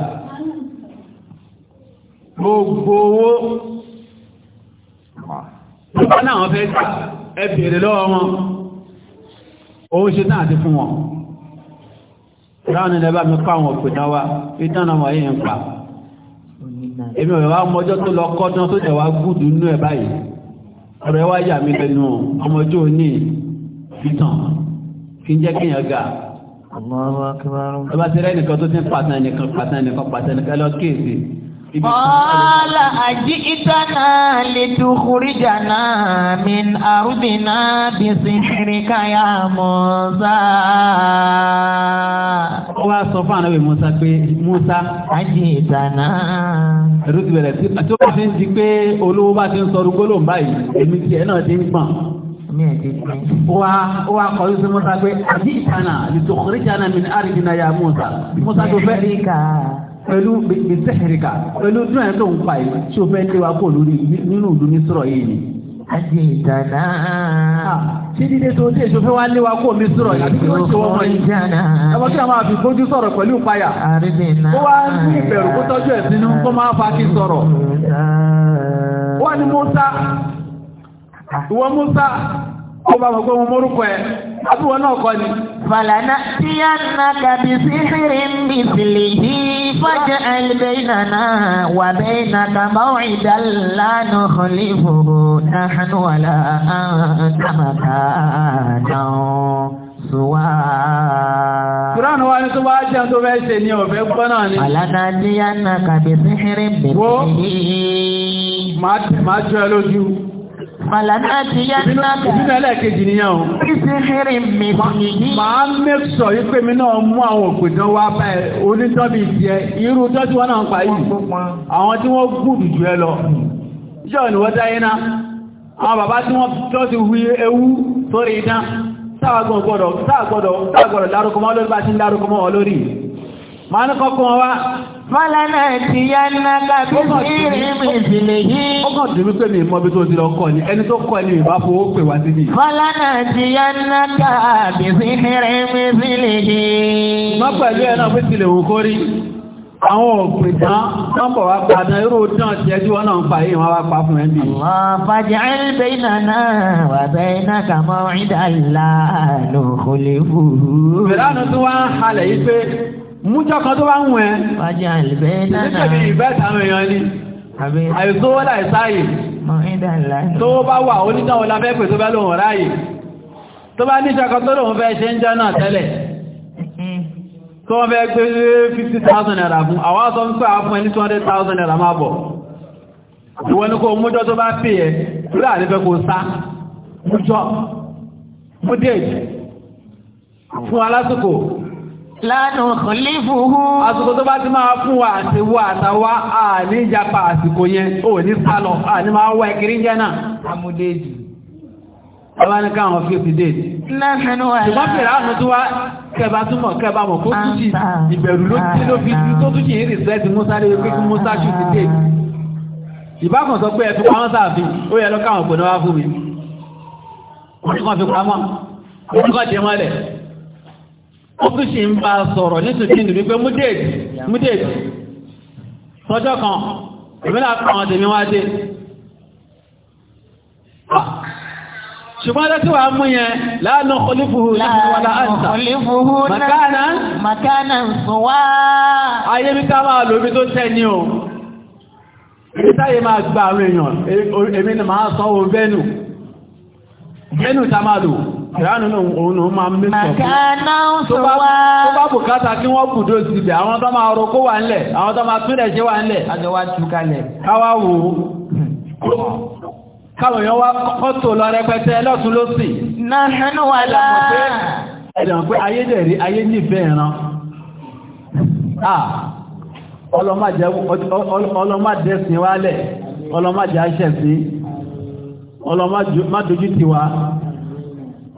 gbogbo owó tó bá làwọn fẹ́ gbà ẹ owó ṣe náà ti fún wọn ráwọn ilẹ̀ bá mi pa àwọn òpìnà wa ìdáná wọn yìí ń pa èmi ọ̀rẹ́ wa mọjọ́ tó lọ kọ́dán tó jẹ̀ wá gúdù nínú ẹ̀ báyìí ọ̀rẹ́ wa yà mí lẹ́nu ọmọjọ́ òní ìtàn kí n jẹ́ kéèyàn ga ọba ti rẹ́ nìkan tó ti ń pàtàkì nìkan pàtàkì nìkan pàtàkì nìkan lọ kéèsì Kọ́lá àjí ìtànà lè dùkúrí jàná mi àrùbìnà bí sìnkiri káyà Mùsá. Ó wá sọ fún ànábì Musa. pé Mùsá. Àjí ìtànà. Ẹ̀rú ti bẹ̀rẹ̀ sí àti ó bá ti ń di pé olówó bá ti ń sọ orúkọ lóun báyìí, èmi tiẹ̀ náà ti ń gbọ̀n wa wa kọlu sí musa pé àti ìtànà lè tó kọrí jàna mi ní àrídìnnà ya musa musa tó fẹ́ pẹ̀lú bisẹ́hìrìkà pẹ̀lú dúró ẹ̀ tó ń pa yìí tí o fẹ́ lé wa kó lórí nínú ìlú ní sọ̀rọ̀ yìí ni. àti ìdáná. Ah, ṣé dídé tó dé ìṣòfẹ́ wa lé wa kó mi sọ̀rọ̀ yìí àti kí wọ́n ṣe wọ́n mọ̀ yìí. ọmọ kí a máa fi gbójú sọ̀rọ̀ pẹ̀lú ìpayà. ó wá ní ìbẹ̀rù kó tọ́jú ẹ̀ sínú kó máa fa kí sọ̀rọ̀. wọ́n ní Musa ìwọ Musa ó bá mọ̀ pé mo mórúkọ ẹ̀ àbúwọ̀ náà kọ́ ni. Fàlànà tí a nà kàbí sísìrì ń bì sílè yìí fọ́jà ẹlẹ́bẹ̀ ìnànà wà bẹ́ẹ̀ nà kàmá ìdá lánà òlì fòrò nàánú àlà àkàmàkà náà sùwà. Kùránù wa ni tó bá jẹun tó fẹ́ ṣe ni ọ̀fẹ́ gbọ́ náà ni. Fàlànà tí a nà kàbí sísìrì ń bì sílè yìí. Màá jọ lójú. Fàlànàtì yá ní náà. Ìbínú ẹlẹ́ẹ̀kejì nìyẹn o. Ìsìn hírí mi ní yí. Màá make sure yí pé mi náà mú àwọn òpèdán wá bá ẹ onítọ́bí tiẹ̀. Irú tọ́jú wọn náà ń pa yìí. Àwọn tí wọ́n gùn jù ẹ bàbá tí wọ́n tọ́ ti hu ewu sórí idán. Sáà gbọ́dọ̀ gbọ́dọ̀ sáà gbọ́dọ̀ lórí bá ti ń lórí máa ní kọ́kọ́ wọn wá. Fọ́lánà ti yá ná kábí sí ìrìnmi ìsìlẹ̀ yìí. Ó kàn dùn mí pé mi mọ ibi tó ti lọ kọ́ ni ẹni tó kọ́ ni ìbá fowó pè wá sí mi. Fọ́lánà ti yá ná kábí sí ìrìnmi ìsìlẹ̀ yìí. Má pẹ̀lú ẹ̀ náà fi tilẹ̀ wò kórí. Àwọn òpin tán tán bọ̀ wá padà irú náà tiẹ̀ tí wọ́n náà ń fa yìí wọ́n wá pa fún ẹ bí. fàjẹ́ ẹ̀rẹ́bẹ̀ iná náà wà bẹ́ẹ̀ iná kà ìdá ìlà lòkòlè fòrò. Bẹ̀rẹ̀ àná tí wọ́n á halẹ̀ yìí pé mújọ́ kan tó bá ń wẹ̀ wájú àlùbẹ́ náà ìdíkẹ̀bí ìbẹ́ta àwọn èèyàn ni àìsówó láìsáyè tó bá wà oníjáwó lábẹ́pẹ̀ tó bá lóhùn ráyè tó bá níṣẹ́ kan tó lóhùn fẹ́ ṣe ń jẹ́ náà tẹ́lẹ̀ tó wọ́n fẹ́ gbé 50,000 naira fún àwọn àtọ́ ń pẹ́ àfún ẹni thousand naira máa bọ̀ ìwọ́n ní kó mújọ́ tó bá pè ẹ́ rí àrífẹ́ kó sá mújọ́ múdéèjì fún alásìkò lánà kọ́lé fòhó. àsìkò tó bá ti máa fún wa àti wa àtàwa àní ìjàpá àsìkò yẹn ò ní sálọ àní máa wá ìkiri jẹ́ náà. amúdéjì. ọba ní káwọn fi ti dé. lẹ́fẹ̀ẹ́nu wà láà. ṣùgbọ́n fèrè àánú tí wá kẹba túmọ̀ kẹba mọ̀ kó tún jì ìbẹ̀rù ló ti ló fi tó tún jì ní rìsẹ́ẹ̀tì musa lé pé kí musa ṣù ti dé. ìbákan sọ pé ẹ̀fọ́ pamọ́ sáàfin ó yẹ lọ òpó náà wá fún mi. wọ́n ti ó tún ṣì ń bá a sọ̀rọ̀ nítorí nìrí pé múdèdì múdèdì tọ́jọ́ kan ìmìnà kan tèmi wá dé ṣùgbọ́n lọ́tí wà mú yẹn láàánú kọlífùhù láàánú kọlífùhù makana makana sọ́wá ayé mi ká máa lóbi tó tẹ́ ní o ìtàyè máa gba àwọn ìránù náà òun náà máa mẹ́sàn fún tó bá bùkátà kí wọ́n kùdó sí ibẹ̀ àwọn tó máa rọ kó wà ńlẹ̀ àwọn tó máa túnlẹ̀ ṣe wà ńlẹ̀ káwàwò káwọn na wá kọ́tò lọ rẹpẹtẹ lọ́tún lọ́sì aye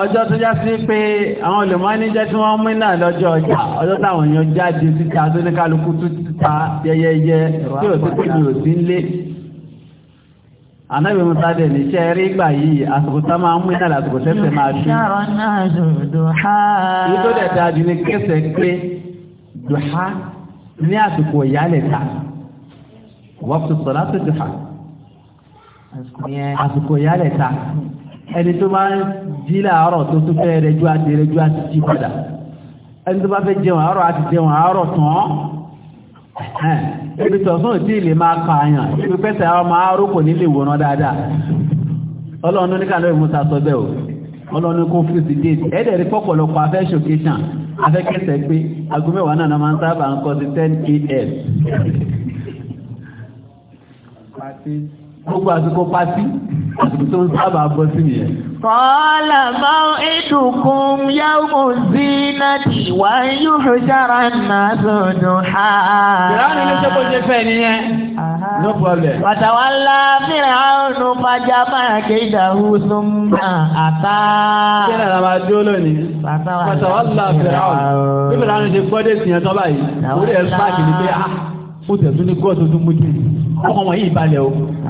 ọjọ́ tó já sí pé àwọn olùmọ́níjẹ́ tí wọ́n mú náà lọ́jọ́ ọjà ọjọ́ táwọn èèyàn jáde síta tó ní kálukú títa yẹyẹyẹ tí ò sí pèmí ò sí nlé anábì musa dẹ̀ ní iṣẹ́ rí gbà yìí àsìkò tá máa ń mú náà àsìkò tẹ́sẹ̀ máa ṣe yìí tó dẹ̀ dájú ní kẹsẹ̀ pé dùhá ní àsìkò ìyálẹ̀ta wọ́n sọ̀rọ̀ àsìkò ìyálẹ̀ ta ẹni tó máa ń jí láàárọ̀ tó tún fẹ́ rẹjú àti rẹjú àti jí padà ẹni tó bá fẹ́ jẹun àárọ̀ àti jẹun àárọ̀ tán ibi tọ̀sán tí ilé máa pààyàn ibi pẹ́sẹ̀ àwọn máa rókò nílé ìwòrán dáadáa ọlọ́run ní kàlọ́ ìmúta sọ bẹ́ẹ̀ o ọlọ́run kó fíìsì déètì ẹ̀ẹ́dẹ̀ rí pọ̀pọ̀lọpọ̀ afẹ́ ṣòkèṣàn afẹ́kẹsẹ̀ pé aago mẹ́wàá náà máa ń sábà ń kọ́ sí 10 a.m gbogbo àsìkò pátí àsìkò tó ń sábà bọ́ sí nìyẹn. Kọ́lá máa ń ìdùnkún yáwó sí náà tí yóò fi sára náà sọ̀dọ̀ ha. Ìránì ló ṣe ṣe fẹ́ nìyẹn. No problem. Pàtàwálá fìrà ọ̀nù pàjá máa kéjà húsùn náà àtà. Kíni àrà máa dúró lónìí? Pàtàwálá fìrà ọ̀nù. Bí Fìrà ọ̀nù ṣe gbọ́dé sí yẹn tọ́ báyìí, orí ẹ̀ ń pààkì ní pé, ah, ó tẹ̀sùn ní gọ́ọ̀tù ọkàn wọ̀nyí ìbalẹ̀ o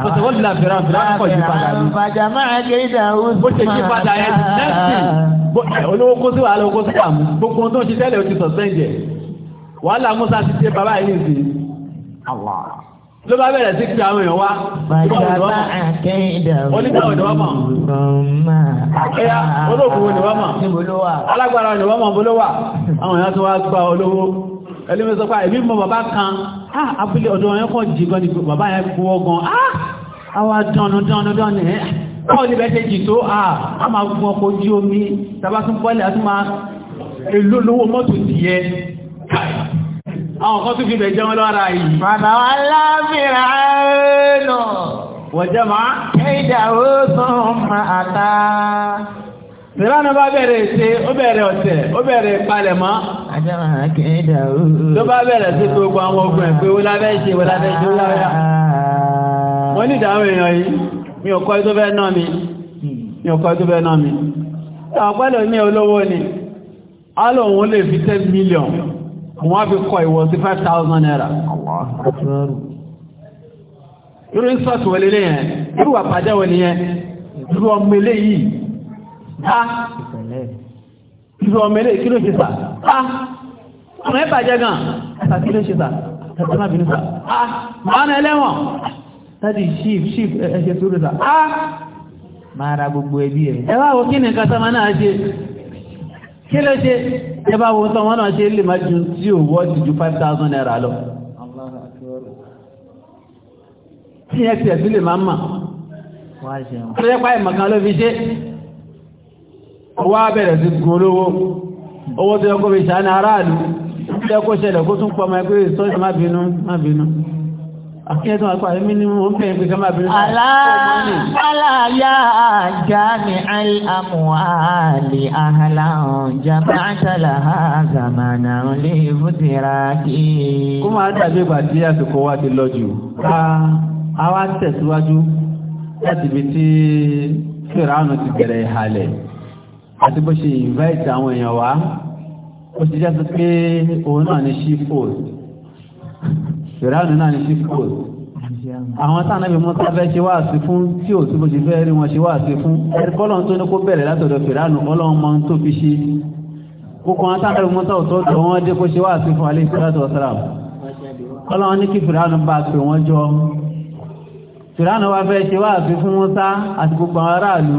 pọ̀tẹ́ ah. wọ́n dìlà fẹ́ràn fẹ́ràn kọ̀ yí padà ní. bàjá máa ké ìdáwó sí máa bó ṣe yí padà yẹn nẹ́ẹ̀sì olówó kó sí wàhálà owó sí àmú gbogbo tó ń ṣe tẹ́lẹ̀ o ti sọ̀sẹ́ǹjẹ̀ wàhálà musa ti ṣe bàbá yìí nìsí. ló bá bẹ̀rẹ̀ sí kí àwọn èèyàn wá. bàjá máa ké ìdáwó onígbàwọ̀ ni wọ́n mọ̀. ẹ̀yà olóògùn ni wọ́n mọ̀. alágbára ni wọ́n mọ̀ ẹlẹ́mi sọ pé àìbí ah, mọ bàbá kan á ah, abúlé ọ̀dọ̀ wọn kọ́ jì gan ni bàbá yẹn gbowó gan á àwa dànù dànù dànù ẹ̀ báwo ni bẹ́ẹ̀ jì tó à ah, á máa gun ọkọ̀ ojú omi tàbá tún bọ́ọ̀lì àti máa èlò lówó mọ́tò tìyẹ àwọn kan tún fi bẹ̀ jẹun lọ́ra yìí. bàbá wa láfíra ẹ̀ẹ́nù. wọ́n jẹ́ máa. ẹ̀dà ó sún máa ta. Sìránà bá bẹ̀rẹ̀ ṣe, ó bẹ̀rẹ̀ ọ̀tẹ̀, ó bẹ̀rẹ̀ palẹ̀mọ́. Àjọ́mà kéèdà ooo. Ló bá bẹ̀rẹ̀ sí gbogbo àwọn ogun ẹ̀ pé ó lábẹ́ ṣe, ó lábẹ́ ṣe, ó lábẹ́ Wọ́n ní ìdáhùn èèyàn yìí, mi ò kọ́ tó fẹ́ náà mi, mi ò kọ́ tó fẹ́ náà mi. Àwọn pẹ́lẹ̀ ní olówó ni, á lòun lè fi 10 million, àwọn á fi kọ ìwọ̀ sí 5,000 naira. Irú ìsọ̀tù wọlé yẹn, irú àpàjẹ́ wọlé yẹn, irú ọmọ eléyìí, bá ìfọ̀ mẹ́lẹ̀ kí ló ṣe sà á ọmọ ẹ̀ bàjẹ́ gan àtà kí ló ṣe sà tàbí má bínú sà á màá na ẹlẹ́wọ̀n tàbí ṣíf ṣíf ẹ̀ṣẹ̀ tó rẹ̀ sà á máa ra gbogbo ẹbí ẹ̀ ẹ wá wo kí nìkan sọ́mọ náà ṣe kí ló ṣe ẹ bá wo sọ́mọ náà ṣe lè má ju tí ò wọ́ ti ju five thousand naira lọ tí ẹ tiẹ̀ sí lè má mà tó yẹ pa ìmọ̀kan ló fi ṣe wá bẹ̀rẹ̀ sí gúnlówó owó tó yọkó fi ṣàánà aráàlú tó yọkó ṣẹlẹ̀ kó tún pọmọ ẹgbẹ́ ìsọ́jọ má bínú má bínú akíyẹ́tọ́ àpàrí mí ní mo ń pẹ̀yìn pé ká má bínú zamana lè fútira kí kó máa dàbí ìgbà tí a wá tẹ̀síwájú láti bí tí fìràánù ti bẹ̀rẹ̀ ìhàlẹ̀ àti bó ṣe invite àwọn èèyàn wá ó ti jẹ́ pé òun náà ni she post ìránù náà ni she post àwọn táwọn ẹbí mọ́tà fẹ́ ṣe wáàsí fún tí ò sí bó ṣe fẹ́ rí wọn ṣe wáàsí fún ẹ̀rí kọ́lọ́n tó ní kó bẹ̀rẹ̀ látọ̀dọ̀ fìránù ọlọ́run máa ń tó fi ṣe kókó àwọn táwọn ẹbí mọ́tà ọ̀tọ̀ ọ̀dọ̀ wọn dé kó ṣe wáàsí fún alẹ́ ìfúrásọ̀ sàràm ọlọ́run ní kí fìránù bá pè wọ́n jọ fìránù wá fẹ́ ṣe wáàsí fún Mùsá àti gbogbo àwọn aráàlú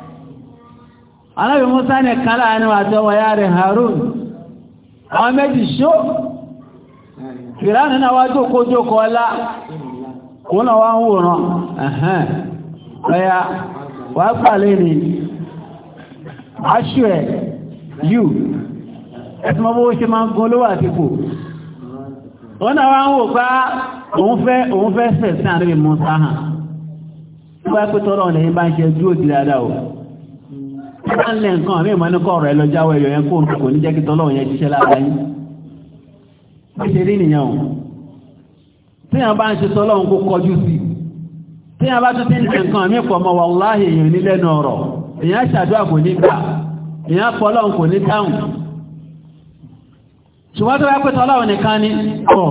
alábi musa ní kala ní àti ọwọ̀ ya rẹ̀ harun àwọn méjì ṣó fìránì náà wá jókó jókó ọlá òun náà wá ń wòrán ẹ̀hẹ́n ọya wà pàlẹ́ ní aṣọ ẹ̀ yù ẹ̀sùn ọmọ ó ṣe máa ń gún olówó àtìkò òun náà wá ń wò bá òun fẹ́ fẹ́ sẹ̀ sí musa hàn tó bá ń lẹ nǹkan àmì ìmọ̀ ẹni ọ̀rọ̀ ẹ lọ jáwọ́ yẹn kó o kò ní jẹ́ kí tọ́lọ́wọ́ yẹn ṣiṣẹ́ lára yín bí ṣe rí nìyẹn o bá ń ṣe tọ́lọ́wọ́ kó kọjú sí téèyàn bá tún ti ń lẹ nǹkan àmì ìpọ̀ mọ́ èèyàn ní lẹ́nu ọ̀rọ̀ èèyàn ṣàdúrà kò ní gbà èèyàn kò bá pẹ́ tọ́lọ́wọ́ nìkan ni ọ̀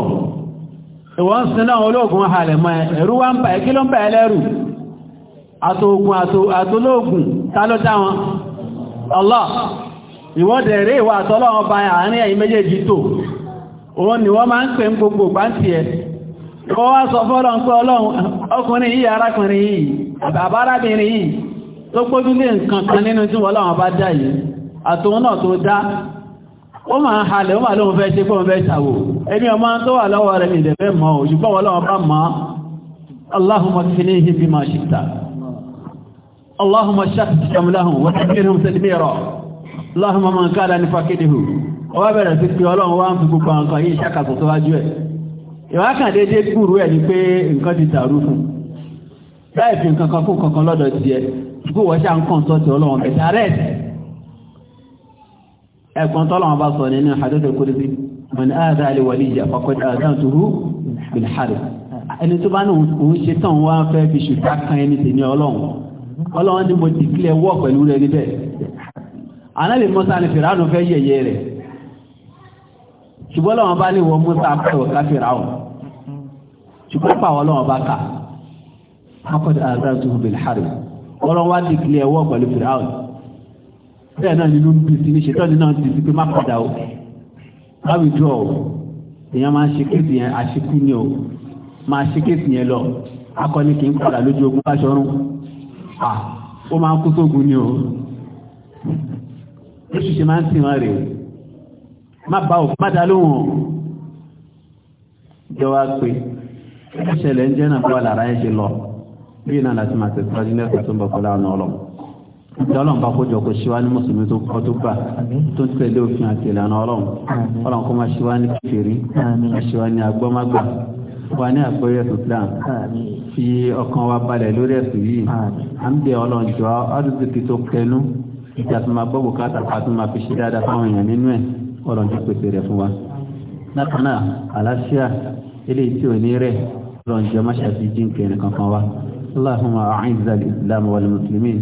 wọn Allah ìwọ́dẹ̀ rẹ̀ ìwà àtọ́lọ́wọ́ bá àárín ẹ̀yìn méjèèjì tó òun ni wọ́n máa ń pè ń gbogbo pàǹtì ẹ̀ kọ́ wá sọ fọ́lọ́ ń ọlọ́run ọkùnrin yìí arákùnrin yìí àbárábìnrin yìí tó gbójúlé nǹkan nínú tí wọ́n bá dá yìí اللهم شخصهم لهم وتكفرهم تدبيرا اللهم من كان نفاكده وابرا سيكي ọlọ́run wá ń fi gbogbo nǹkan yìí ṣàkàtọ̀ tó wájú ẹ̀ ìwákàn dédé gúrú ẹ̀ ni pé nǹkan ti tààrú fún láì fi nǹkan kan kún kankan lọ́dọ̀ ti ẹ gbó wọ́n ṣá ń kàn tọ́ ti ọlọ́run bẹ̀tà rẹ̀ ẹ̀gbọ́n tọ́lọ́run bá sọ nínú àdọ́dọ̀ kó débi mọ̀n áàdá alẹ́ wà níjà fọkọjá àdáǹtuhu bìlhárì ha ọlọ́wọ́n ni mo ti kílẹ̀ wọ́ pẹ̀lú rẹ̀ níbẹ̀ anábì Mùsá ni fìránù fẹ́ yẹ̀yẹ́ rẹ̀ ṣùgbọ́n lọ́wọ́n bá ní wọ Mùsá pẹ̀wọ̀ ká fìránù ṣùgbọ́n pàwọ́ lọ́wọ́n bá kà akọ́dà àzáàtúhù bẹ̀lẹ̀ hàrì ọlọ́wọ́n wá ti kílẹ̀ wọ́ pẹ̀lú fìránù bẹ́ẹ̀ náà nínú bí ti ní ṣetán nínú ti ti pé má padà o láwùjọ o èèyàn máa ṣe kéèsì yẹn àṣekú ni o máa ṣe kéèsì yẹn lọ akọni kì padà lójú ogun bá ṣọrun à ó máa kú sógun ni o lóṣù ṣe máa ń sìn wọn rè o má bá o má dá lóhùn o jọ wá pé ìṣẹ̀lẹ̀ ń jẹ́ náà fún wa lára ẹ̀ ṣe lọ bí iná láti máa tẹ̀síwájú ní ẹ̀ka tó ń bọ̀ fọlá ọ̀nà ọlọ́mọ tọ́lọ́n bá kójọ kó ṣíwá ní mùsùlùmí tó kọ́ tó bá tó tẹ̀lé òfin àti ìlànà ọlọ́run ọlọ́run kó máa ṣíwá ní kékeré máa ṣíwá ní agbọ́mágbà wa ní àgbẹ̀yẹ islam fi ọkàn wa balẹ̀ lórí ẹ̀sùn yìí à ń bẹ̀ ọlọ́njọ́ ọdúnṣe tó kẹnu ìjà tó máa gbọ́ bùkátà àti máa fi ṣe dáadáa fáwọn èèyàn nínú ẹ̀ ọlọ́njọ́ pèsè rẹ̀ fún wa. lákan náà àlàáfíà eléyìí tí ò ní rẹ̀ ọlọ́njọ́ má ṣàfihàn jíǹkì ẹnìkan kan wa. اللهم أعز الإسلام والمسلمين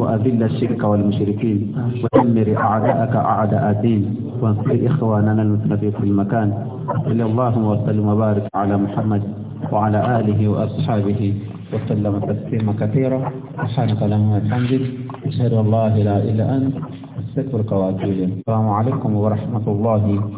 وأذل الشرك والمشركين ودمر أعداءك أعداء الدين وانصر إخواننا المسلمين في المكان صلى اللهم وسلم وبارك على محمد وعلى آله وأصحابه وسلم تسليما كثيرا سبحانك اللهم وبحمدك أشهد أن لا إله إلا أنت أستغفرك وأتوب إليك السلام عليكم ورحمة الله